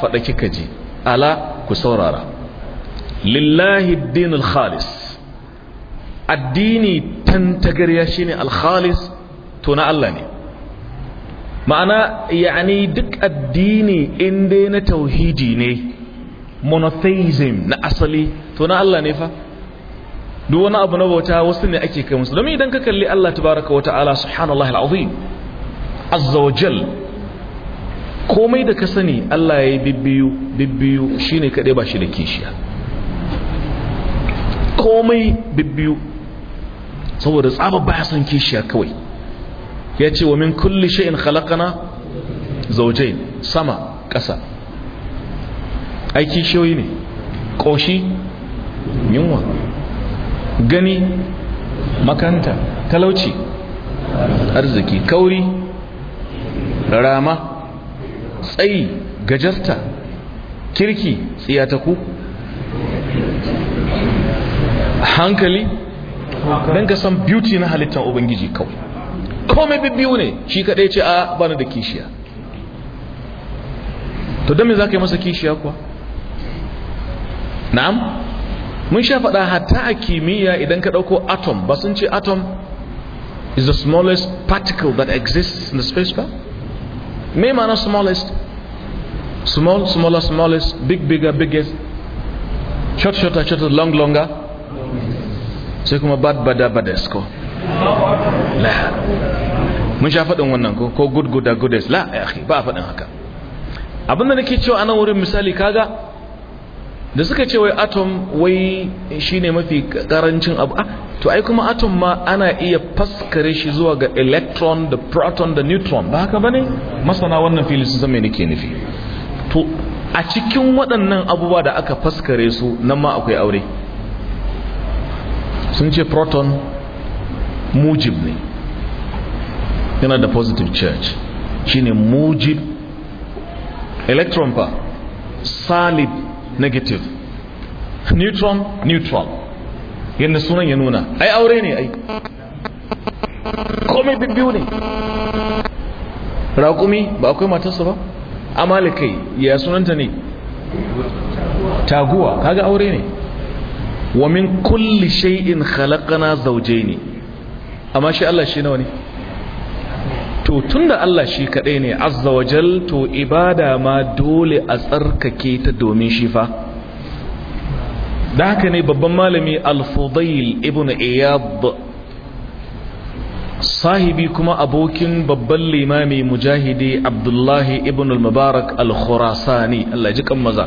faɗa kika ji ala ku saurara lillahi al khalis addini tantagarya shine al-khalis to na Allah ne ma'ana yani duk addini inda na tauhidi ne monotheism na asali to na Allah ne fa duk wani abu na bauta wasu ne ake kai musu domin idan ka kalli Allah tabaraka wa ta'ala subhanallahi alazim azza wa jal komai da ka sani Allah ya yi bibbiyu bibbiyu shine kaɗai ba shi da kishiya komai bibbiyu saboda tsaba baya son kishiya kawai ya ce wa min kulli shay'in khalaqana zawjayn sama ƙasa ai kishiyoyi ne ƙoshi yunwa gani makanta talauci arziki kauri rama tsayi gajasta kirki tsiyataku hankali don ka san beauty na halittar ubangiji kawai komai bibbiyu ne shi kaɗai ce a bani da kishiya to don me za ka yi masa kishiya kuwa na'am mun sha faɗa hatta a kimiyya idan ka ɗauko atom ba sun ce atom is the smallest particle that exists in the space bar. me ma'ana smallest small smaller smallest big bigger biggest short shorter shorter long longer sai kuma bad bada badest ko la mun sha faɗin wannan ko ko good gooda goodest la ba a faɗin haka abinda nake cewa anan wurin misali kaga da suka ce wai atom wai shine mafi karancin abu A, ah, to ai kuma atom ma ana iya faskare shi zuwa ga electron da proton da neutron ba haka bane masana wannan fili sun zama nake nufi to a cikin waɗannan abubuwa da aka faskare su nan ma akwai aure sun ce proton mujib ne yana da positive charge shine mujib electron fa solid negative neutron neutral yadda sunan ya nuna ai aure ne ai komai bibbiyu ne raƙumi ba akwai matarsa ba amalikai ya sunanta ne taguwa kaga aure ne wa min kulli shay'in khalaqana zawjayni amma shi Allah shi nawa ne to tun da Allah shi kaɗai ne azza wajal to ibada ma dole a tsarkake ta domin shi fa da haka ne babban malami al-fudail ibn iyad sahibi kuma abokin babban limami mujahidi abdullahi ibn al-mubarak al-khurasani Allah ji kan maza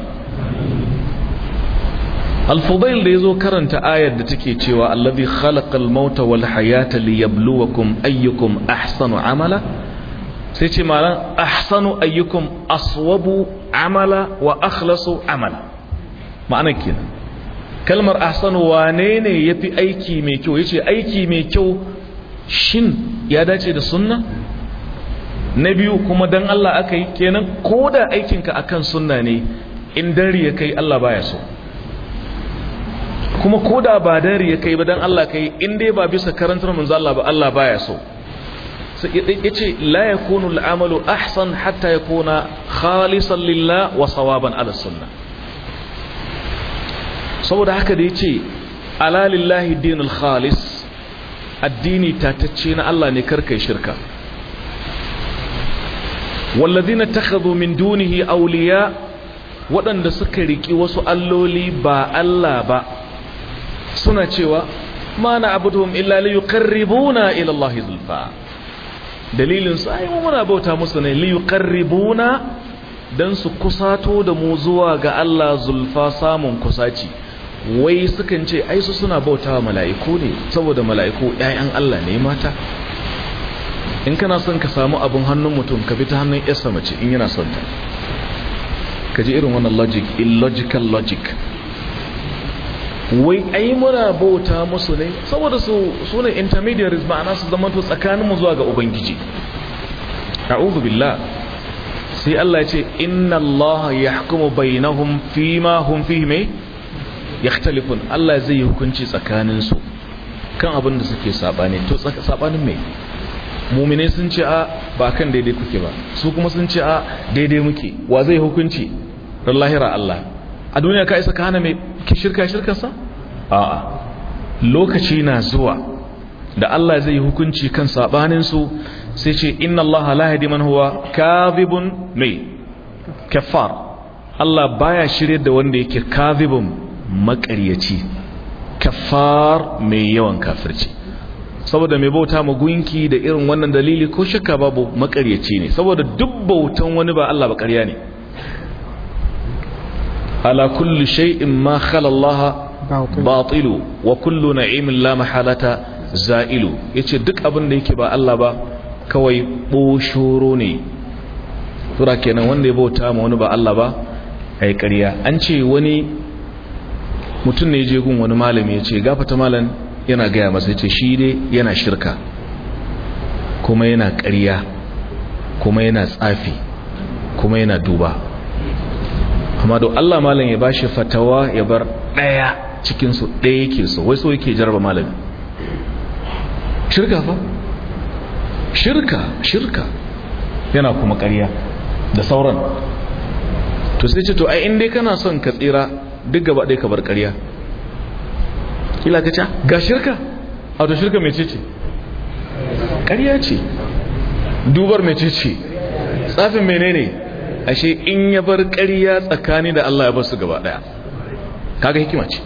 al-fudail da yazo karanta ayar da take cewa allazi khalaqal mauta wal hayata liyabluwakum ayyukum ahsanu amala sai ce malan ahsanu ayyukum aswabu amala wa akhlasu amala ma'anar kalmar asanu wane ne yafi aiki mai kyau yace aiki mai kyau shin ya dace da sunna na biyu kuma dan Allah aka yi kenan ko da aikinka akan sunna ne in dare ya kai Allah baya so kuma koda ba dan riya kai ba dan Allah kai in dai ba bisa karantar manzo Allah ba Allah baya so yace la yakunu al'amalu ahsan hatta yakuna khalisan lillah wa sawaban ala sunnah saboda haka da yace ala lillahi dinul khalis addini tatacce na Allah ne karkai shirka walladhina takhadhu min dunihi awliya waɗanda suka riki wasu alloli ba Allah ba suna cewa ma na abuduhum illa li yuqarribuna ila Allah zulfa dalilin su ai muna bauta musu ne li yuqarribuna dan su kusato da mu zuwa ga Allah zulfa samun kusaci wai sukan ce ai su suna bauta mala'iku ne saboda mala'iku ƴaƴan Allah ne mata in kana son ka samu abun hannun mutum ka bi ta hannun yarsa mace in yana son ta ka ji irin wannan logic illogical logic wai ai muna bauta musu ne saboda su su intermediaries ma'ana su zamanto tsakaninmu zuwa ga ubangiji a'udhu billah sai Allah ya ce inna Allah yahkumu bainahum ma hum fihi mai yakhtalifun Allah zai yi hukunci tsakanin su kan abin da suke sabani to sabanin mai mumine sun ce a ba kan daidai kuke ba su kuma sun ce a daidai muke wa zai hukunci lallahi ra Allah a duniya ka isa ka hana mai shirka shirkarsa a'a lokaci na zuwa da Allah zai yi hukunci kan sabaninsu sai ce inna Allah la yahdi man huwa kadhibun mai kafar Allah baya shirye da wanda yake kadhibun makaryaci kafar mai yawan kafirci saboda mai bauta mu gunki da irin wannan dalili ko shakka babu makaryaci ne saboda duk bautan wani ba Allah ba ƙarya ne ala kulli shay'in ma khala Allah batilu wa kullu na'imin la mahalata za'ilu yace duk abin da yake ba Allah ba kawai boshoro ne sura kenan wanda ya bauta ma wani ba Allah ba ai ƙarya an ce wani mutum ne je gun wani malami yace gafata malam yana gaya masa yace shi dai yana shirka kuma yana karya kuma yana tsafi kuma yana duba amma da Allah malam ya bashi fatawa ya bar daya cikin su daya yake so wai so yake jarba malami shirka fa shirka shirka yana kuma ƙarya da sauran to sai ce to ai in dai kana son ka tsira duk gaba ɗaya ka bar ƙarya kila ka ce ga shirka a to shirka mai ce ƙarya ce dubar mai ce tsafin menene ashe in ya bar ƙarya tsakani da Allah ya basu gaba ɗaya kaga hikima ce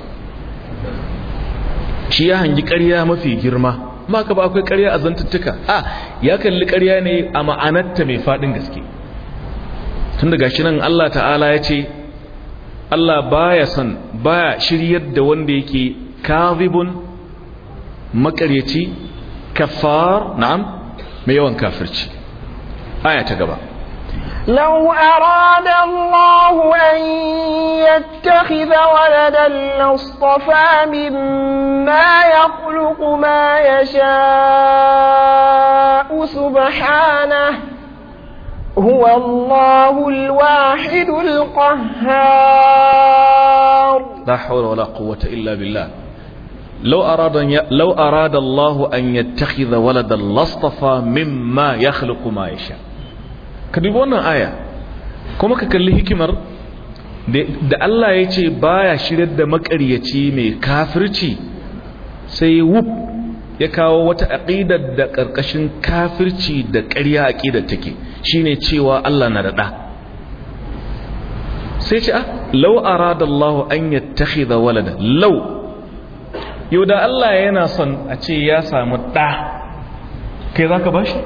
shi ya hangi ƙarya mafi girma ma ka ba akwai ƙarya a zantattuka a ya kalli ƙarya ne a ma'anarta mai faɗin gaske tun daga shi nan Allah ta'ala ya ce Allah baya son baya shiryar da wanda yake kazibun makaryaci kafar na'am mai yawan kafirci aya ta gaba لو أراد الله أن يتخذ ولدا لاصطفى مما يخلق ما يشاء سبحانه هو الله الواحد القهار لا حول ولا قوة إلا بالله لو أراد, لو أراد الله أن يتخذ ولدا لاصطفى مما يخلق ما يشاء ka duba wannan aya kuma ka kalli hikimar da Allah ya ce baya shirar da makaryaci mai kafirci sai wuf ya kawo wata aƙidar da ƙarƙashin kafirci da ƙarya aqidar take shine cewa Allah na daɗa. sai ce ah law arada Allah an yattakhidha walada lau yau da Allah yana son a ce ya samu ɗa kai za ka ba shi?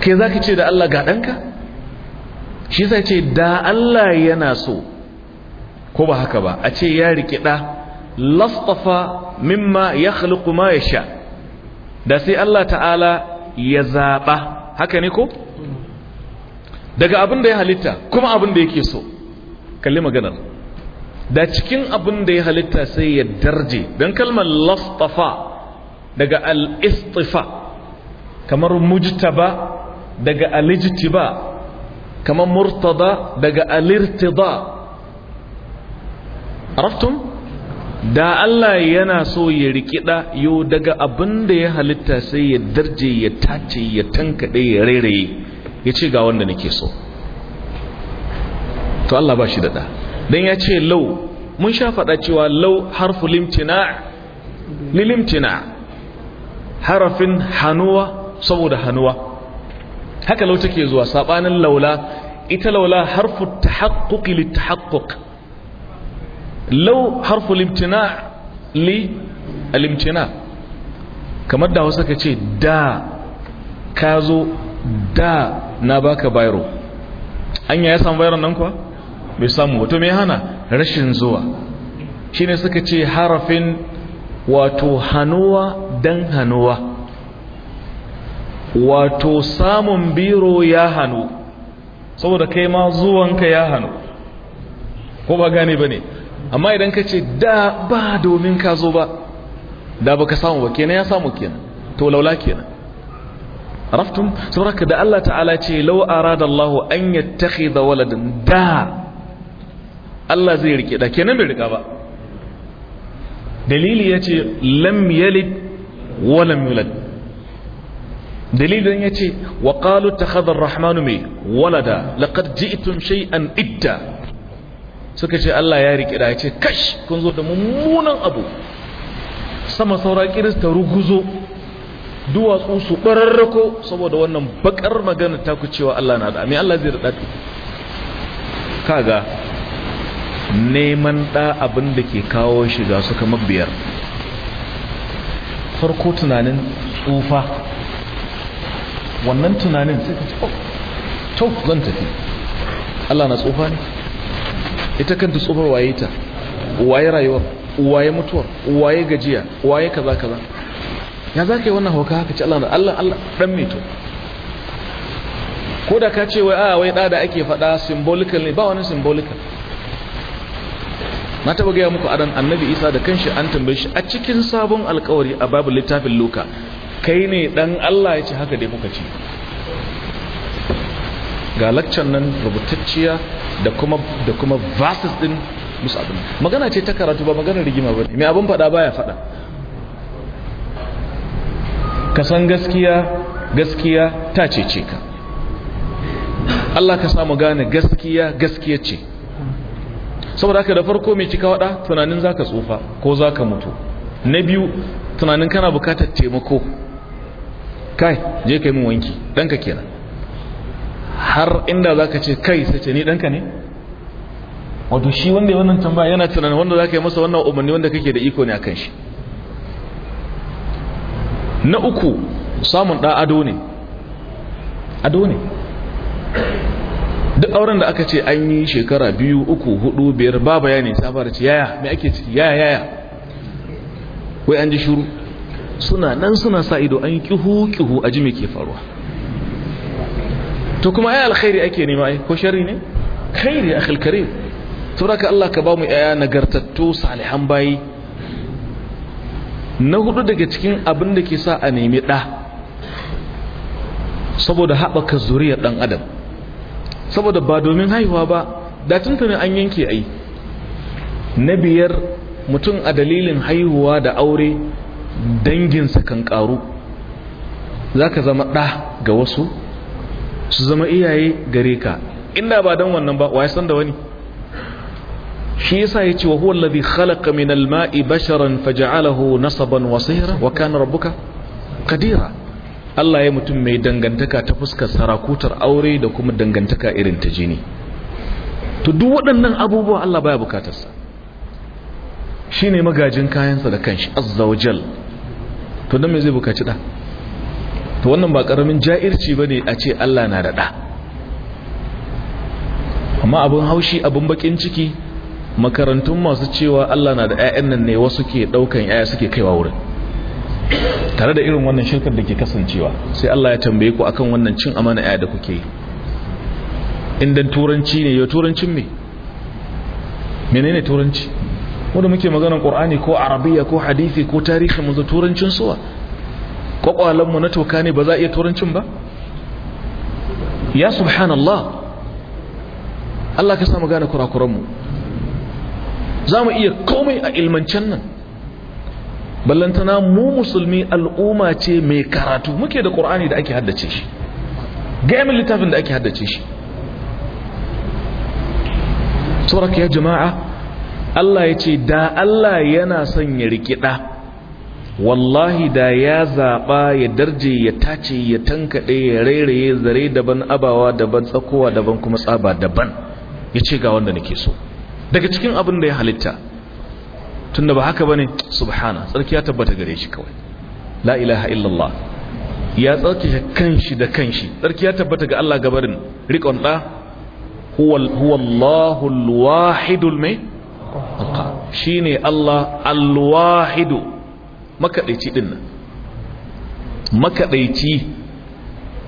ke za ka ce da Allah ga ɗanka shi sai ce da Allah yana so ko ba haka ba a ce ya riƙi ɗa lastafa mimma ya halittu ma ya sha da sai Allah ta'ala ya zaɓa haka ne ko daga abin da ya halitta kuma abin da yake so kalli maganar da cikin abin da ya halitta sai ya darje don kalmar lastafa daga al'istifa kamar mujtaba daga alijtiba kamar murtada daga alirtida araftum da Allah yana so ya rikida yo daga abin da ya halitta sai ya darje ya tace ya tankade ya rairaye ya ce ga wanda nake so to Allah ba shi da dan ya ce lau mun sha fada cewa lau harfu limtina lilimtina harafin hanuwa saboda hanuwa haka lau take zuwa sabanin laula ita laula harfu tahaqquq li tahaqquq lau harfu limtina li alimtina kamar da wasu ka ce da ka zo da na baka bayro an ya samu bayron nan kuwa bai samu wato mai hana rashin zuwa shine suka ce harafin wato hanuwa dan hanuwa wato samun biro ya hannu saboda kai ma zuwanka ya hannu ko ba gane ba ne amma idan ka ce da ba domin ka zo ba da ba ka samu ba kenan ya samu kenan to laula kenan raftun sauraka da Allah ta'ala ce lau arada Allah an yattakhidha waladan da Allah zai rike da kenan bai rika ba dalili yace lam yalid wa lam yulad dalilin ya ce wa ƙalu ta hadar rahmanu mai walada laƙar shai an ita suka ce Allah ya riƙi da ya ce kashi kun zo da mummunan abu sama saura kirista ruguzo duwatsu su ɓararrako saboda wannan bakar magana ta ku cewa Allah na da mai Allah zai da kaga neman ɗa abin da ke kawo shiga suka mabiyar farko tunanin tsufa wannan tunanin sai ka ce oh, to zan tafi Allah na tsofa ne ita kanta tsofar waye ta waye rayuwar waye mutuwar waye gajiya waye kaza kaza ya za ka yi wannan hauka haka ce Allah na Allah Allah dan mito ko da ka ce wai a ah, wai da da ake faɗa symbolical ne ba wani symbolical na taɓa gaya muku adan annabi isa da kanshi an tambaye shi a cikin sabon alkawari a babu littafin luka kai ne dan Allah ya ce haka dai muka ce ga laccan nan rubutacciya da kuma da kuma verses din musu abin magana ce ta karatu ba magana rigima ba mai abin fada baya fada ka san gaskiya gaskiya ta cece ka Allah ka samu gane gaskiya gaskiya ce saboda haka da farko mai kika wada tunanin zaka tsufa ko zaka mutu na biyu tunanin kana bukatar taimako kai je kai mun wanki ɗanka kenan har inda za ka ce kai sace ni ni ka ne wato shi wanda ya wannan tambaya yana tunanin wanda za ka yi masa wannan umarni wanda kake da iko ne akan shi na uku samun ɗa ado ne ado ne duk auren da aka ce an yi shekara biyu uku hudu biyar ba bayani sabar ce yaya mai ake ciki yaya yaya wai an ji shuru suna nan suna sa ido an kihu-kihu a jimi ke faruwa to kuma ai alkhairi ake nema ai ko shari ne khairi akhil karim to raka Allah ka ba mu yaya nagartattu salihan bayi na hudu daga cikin abin da ke sa a nemi ɗa saboda haɓaka zuriyar ɗan adam saboda ba domin haihuwa ba da tuntuni an yanke ai na biyar mutum a dalilin haihuwa da aure danginsa kan karu za ka zama ɗa ga wasu su zama iyaye gare ka inda ba don wannan ba waye san da wani shi yasa ya ce wa huwa alladhi khalaqa min al-ma'i basharan faja'alahu nasaban wa sihra wa kana rabbuka qadira Allah ya mutum mai dangantaka ta fuskar sarakutar aure da kuma dangantaka irin ta jini to duk waɗannan abubuwa Allah baya bukatarsa shine magajin kayansa da kanshi azza wajal to don me zai bukaci ɗa to wannan ba ƙaramin ja'irci ba ne a ce allah na da ɗa amma abin haushi abin bakin ciki makarantun masu cewa allah na da 'ya'yan nan ne wasu ke ɗaukan 'ya'ya suke kaiwa wurin tare da irin wannan shirkar da ke kasancewa sai allah ya tambaye ku akan wannan cin amana 'ya'ya da kuke yi indan turanci ne yau turancin me menene turanci wanda muke maganar qur'ani ko arabiya ko hadisi ko tarihi mu turancin suwa kwakwalan mu na toka ne ba za a iya turancin ba ya subhanallah Allah ka samu gane kurakuran mu za mu iya komai a ilmancen nan ballantana mu musulmi al'umma ce mai karatu muke da ƙur'ani da ake haddace shi gaimin littafin da ake haddace shi tsoraka ya jama'a Allah ya ce da Allah yana son ya rikida wallahi da ya zaba, ya darje ya tace ya tankade, ya rairaye zare daban abawa daban tsakowa daban kuma tsaba daban ya ce ga wanda nake so daga cikin abin da ya halitta tunda ba haka bane subhana tsarki ya tabbata gare shi kawai la ilaha illallah ya tsarki kanshi da kanshi tsarki ya tabbata ga Allah gabarin riƙon ɗa huwa Allahul wahidul mai shi ne Allah alwahidu makaɗaici din nan makaɗaici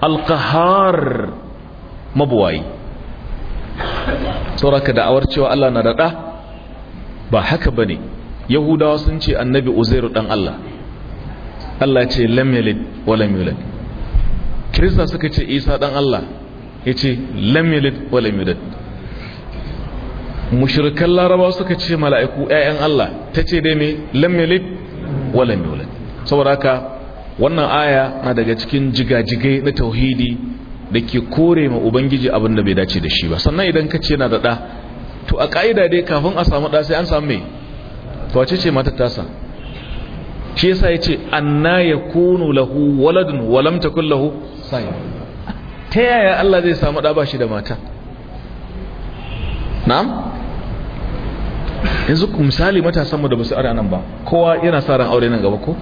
alkahar mabuwayi da da'awar cewa Allah na daɗa ba haka ba ne yahudawa sun ce annabi uzairu dan Allah Allah ce lam yalid wa lam yulad kirista suka ce isa dan Allah ya ce lam yalid wa lam yulad mushrikan larabawa suka ce mala'iku 'ya'yan Allah ta ce dai me lam yalid wa lam saboda haka wannan aya na daga cikin jigajigai na tauhidi da ke kore ma ubangiji abin da bai dace da shi ba sannan idan ka ce na da ɗa to a ƙa'ida dai kafin a samu ɗa sai an samu mai to wace ce mata tasa shi yasa ya ce anna ya kunu lahu waladun walam kun lahu sai ta yaya Allah zai samu ɗa ba shi da mata na'am yanzu misali matasan mu da basu ara nan ba kowa yana sa ran aure nan gaba ko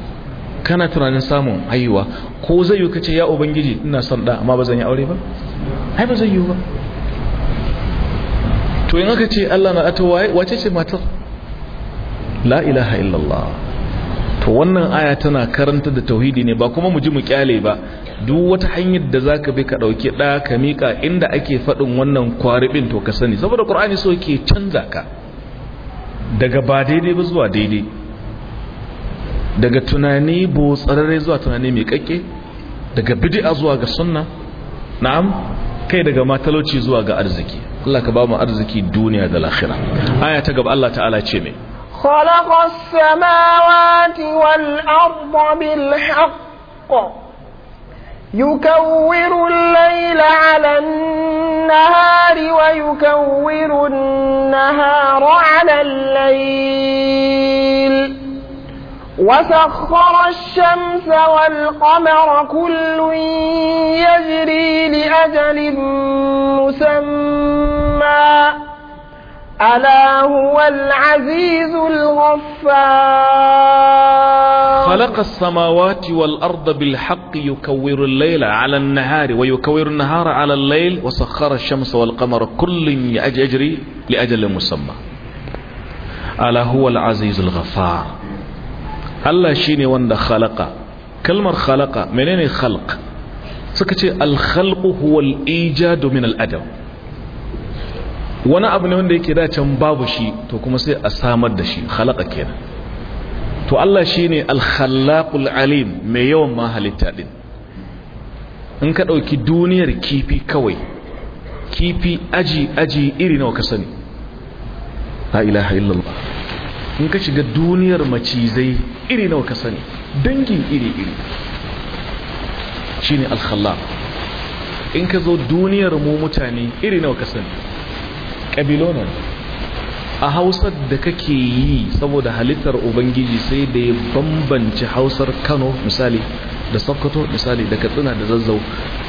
kana tunanin samun haihuwa ko zai yi kace ya ubangiji ina son da amma ba zan yi aure ba ai bazan zai yi ba to in aka ce Allah na ato wace ce matar la ilaha illallah to wannan aya tana karanta da tauhidi ne ba kuma mu ji mu kyale ba duk wata hanyar da zaka bi ka dauki da ka mika inda ake fadin wannan kwaribin to ka sani saboda qur'ani so yake canza ka daga ba daidai ba zuwa daidai daga tunani bo tsararre zuwa tunani mai kakke daga bid'a zuwa ga sunna na'am kai daga matalauci zuwa ga arziki Allah ka ba mu arziki duniya da lahira aya ta gaba Allah ta'ala ce mai خلق السماوات والأرض بالحق يكور الليل على النهار ويكور النهار على الليل وسخر الشمس والقمر كل يجري لأجل مسمى ألا هو العزيز الغفار خلق السماوات والأرض بالحق يكور الليل على النهار ويكور النهار على الليل وسخر الشمس والقمر كل يجري لأجل مسمى ألا هو العزيز الغفار الله شيني وند خلق كلمة خلق منين خلق سكتي الخلق هو الإيجاد من الأدب wani abu ne wanda yake can babu shi to kuma sai a samar da shi halaka kenan to Allah shine ne khallaqul alim mai yawan ma halitta din in ka ɗauki duniyar kifi kawai kifi aji aji iri nawa ka sani la ilaha illallah in ka shiga duniyar macizai iri nawa ka sani dangin iri iri shi ne khallaq in ka zo duniyar mu mutane iri nawa ka sani ƙabilonin a hausar da kake yi saboda halittar ubangiji sai da ya bambanci hausar kano misali da sokoto misali da katsina da zazzau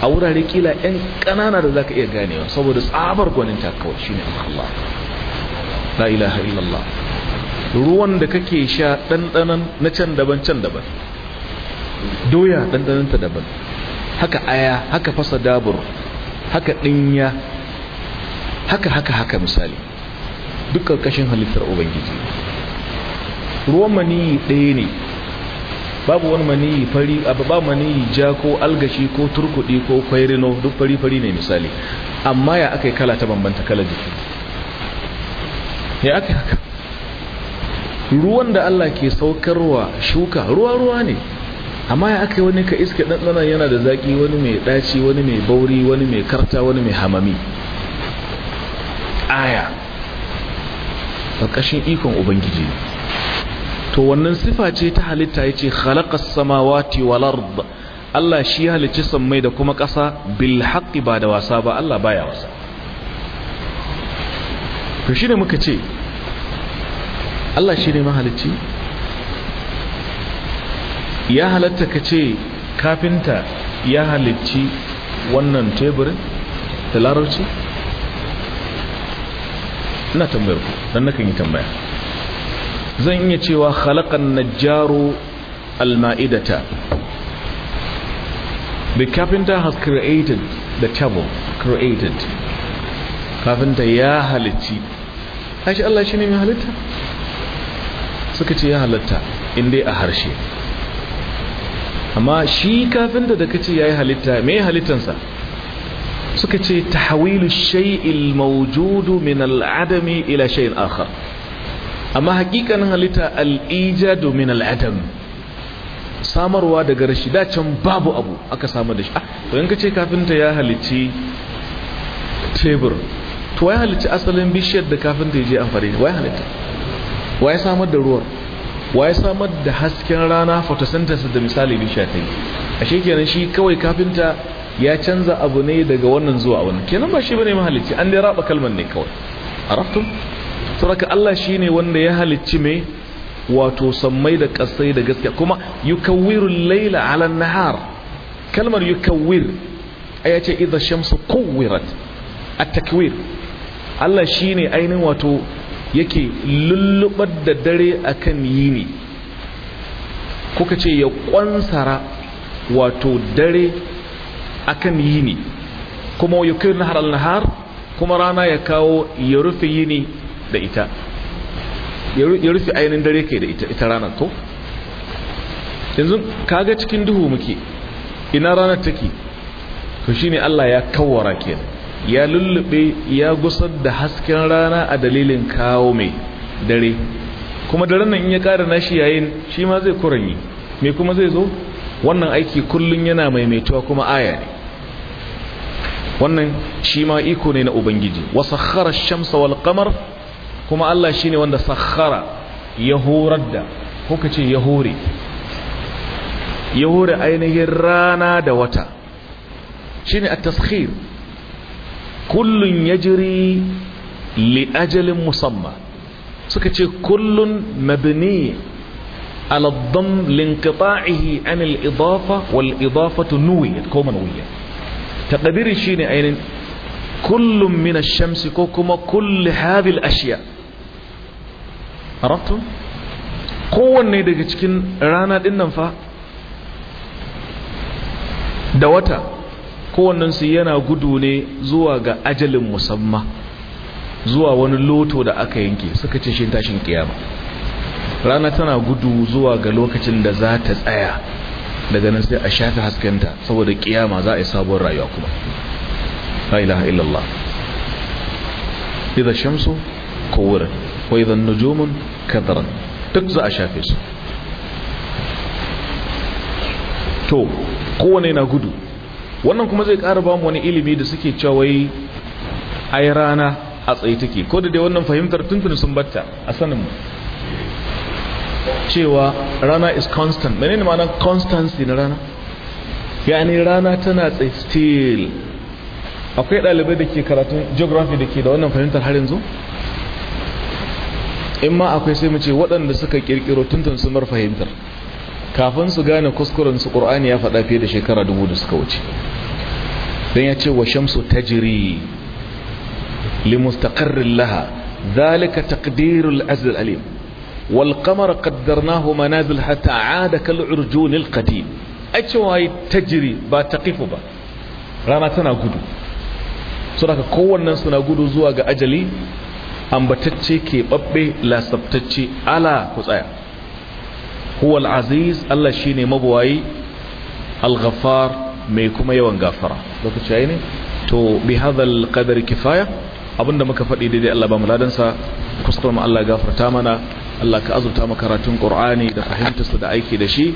a wurare kila 'yan ƙanana da za ka iya ganewa saboda tsabar gwanin takawar shi ne Allah la ilaha illallah ruwan da kake sha ɗanɗanan na can daban can daban doya ta daban haka aya haka fasa dabur haka ɗinya haka haka haka misali duk karkashin halittar ubangiji ruwan maniyi ɗaya ne babu wani maniyi fari a ba maniyi ja ko algashi ko turkudi ko kwairino duk fari-fari ne misali amma ya aka yi kala ta bambanta kala jiki ya aka haka ruwan da Allah ke saukarwa shuka ruwa-ruwa ne amma ya aka yi wani ka iske ɗanɗana yana da zaƙi wani mai ɗaci wani mai bauri wani mai karta wani mai hamami aya ƙarƙashin ikon ubangiji to wannan sifa ce ta halitta ya ce khalaqas samawati wal ard Allah shi halicci sammai da kuma ƙasa bil haqqi ba da wasa ba Allah baya wasa to shine muka ce Allah shine mahalicci ya halatta ka ce kafinta ya halicci wannan teburin da larabci ina tambayar ku dan nakan yi tambaya zan iya cewa khalaqan najjaru alma'idata the carpenter has created the table created carpenter ya halicci aishi Allah shi ne mai halitta suka ce ya halitta inda a harshe amma shi kafin da kace ya yi halitta mai halittansa suka ce tahwilu il maujudu min al'adami ila shay'in akhar amma hakikanin halitta al'ijadu min al'adam samarwa daga rashi da can babu abu aka samu da shi ah, to in ka ce kafinta ya halici tebur to ya halici asalin bishiyar da kafinta ya je amfani w'a ya halitta wa ya samar da ruwan wa ya samar da hasken rana photosynthesis da misali bishiyar ta yi a shekenan shi kawai kafinta ya canza abu ne daga wannan zuwa wannan kenan ba shi bane mahalicci an dai raba kalmar ne kawai araftum raka Allah shine wanda ya halicci me wato sammai da kasai da gaskiya kuma yukawwiru layla laila 'ala nahar kalmar yukawwir aya ce idza shamsu kuwirat at-takwir Allah shine ainin wato yake lullubar da dare akan yini kuka ce ya kwansara wato dare akan yini kuma yukir nahar al-nahar kuma rana ya kawo ya rufe yini da ita ya rufe ainihin dare ke da ita ranar ko yanzu kaga cikin duhu muke ina ranar take to shine Allah ya kawara ke ya lullube ya gusar da hasken rana a dalilin kawo mai dare kuma daren nan in ya kara nashi yayin shi ma zai kuranyi me kuma zai zo wannan aiki kullun yana maimaituwa kuma aya ne wannan shi ma iko ne na ubangiji wa sakhara shamsa wal kamar kuma Allah shine wanda sakhara ya horar da kuka ce ya hore ya hore ainihin rana da wata shine a taskhir kullun ya li ajalin musamma suka ce kullun mabni ala dam linqita'ihi an al-idafa wal idafatu nuwiyat ko manwiyat taqdiri shine ainin kullum min ash-shams ko kuma kulli hadhihi al-ashiya arabtum kowanne daga cikin rana din nan fa da wata su yana gudu ne zuwa ga ajalin musamma zuwa wani loto da aka yanke suka ce shi tashin kiyama rana tana gudu zuwa ga lokacin da za ta tsaya daga nan sai a shafi haskenta saboda kiyama za a yi sabuwar rayuwa kuma la ilaha illallah idza shamsu kuwrat wa idza nujumun kadran duk za a shafe su to kowane na gudu wannan kuma zai kara bamu wani ilimi da suke wai ai rana a tsaye take ko da dai wannan fahimtar tuntun sun batta a sanin mu cewa rana is constant menene ma'anar constancy na rana ne rana tana tsaye still akwai ɗalibai da ke karatun geography da ke da wannan fahimtar har yanzu in ma akwai sai mu ce waɗanda suka ƙirƙiro tuntun su mar fahimtar kafin su gane kuskuren su ƙur'ani ya faɗa fiye da shekara dubu da suka wuce don ya ce wa shamsu ta jiri, mustaqarrin laha zalika taqdirul azil alim والقمر قدرناه منازل حتى عاد كالعرجون القديم أجواي تجري با تقف با رانا suna gudu zuwa ga ajali قدو زواج أجلي ambatacce keɓaɓɓe lasabtacce ala ku tsaya huwa Allah shi ne mabuwayi al-ghafar mai kuma yawan gafara lokaci ya ne to bi hadal qadar kifaya abinda muka faɗi daidai Allah ba mu ladansa kuskuren Allah gafarta mana Allah ka azurta makaratun ƙur'ani da fahimtarsa da aiki da shi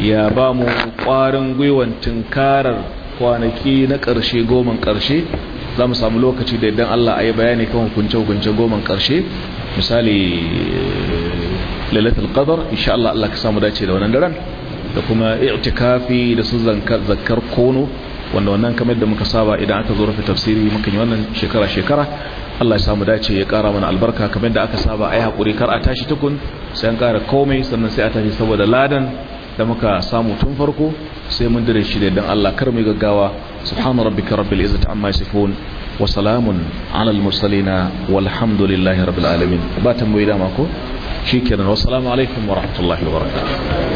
ya ba mu ƙwarin gwiwan tunkarar kwanaki na ƙarshe goman ƙarshe za mu samu lokaci da idan Allah a yi bayani kan hukunce-hukunce goman ƙarshe misali lalatul ƙadar insha Allah Allah ka samu dace da wannan daren da kuma i'tikafi da su zakar kono wanda wannan kamar da muka saba idan aka zo rufe tafsiri muka yi wannan shekara shekara Allah ya samu dace ya kara mana albarka kamar da aka saba ai haƙuri kar a tashi tukun sai an kara komai sannan sai a tashi saboda ladan da muka samu tun farko sai mun dare shi da dan Allah kar mu gaggawa subhana rabbika rabbil izzati amma yasifun wa salamun ala al mursalina walhamdulillahi rabbil alamin ba tambayi da mako shikenan wassalamu alaikum wa rahmatullahi wa barakatuh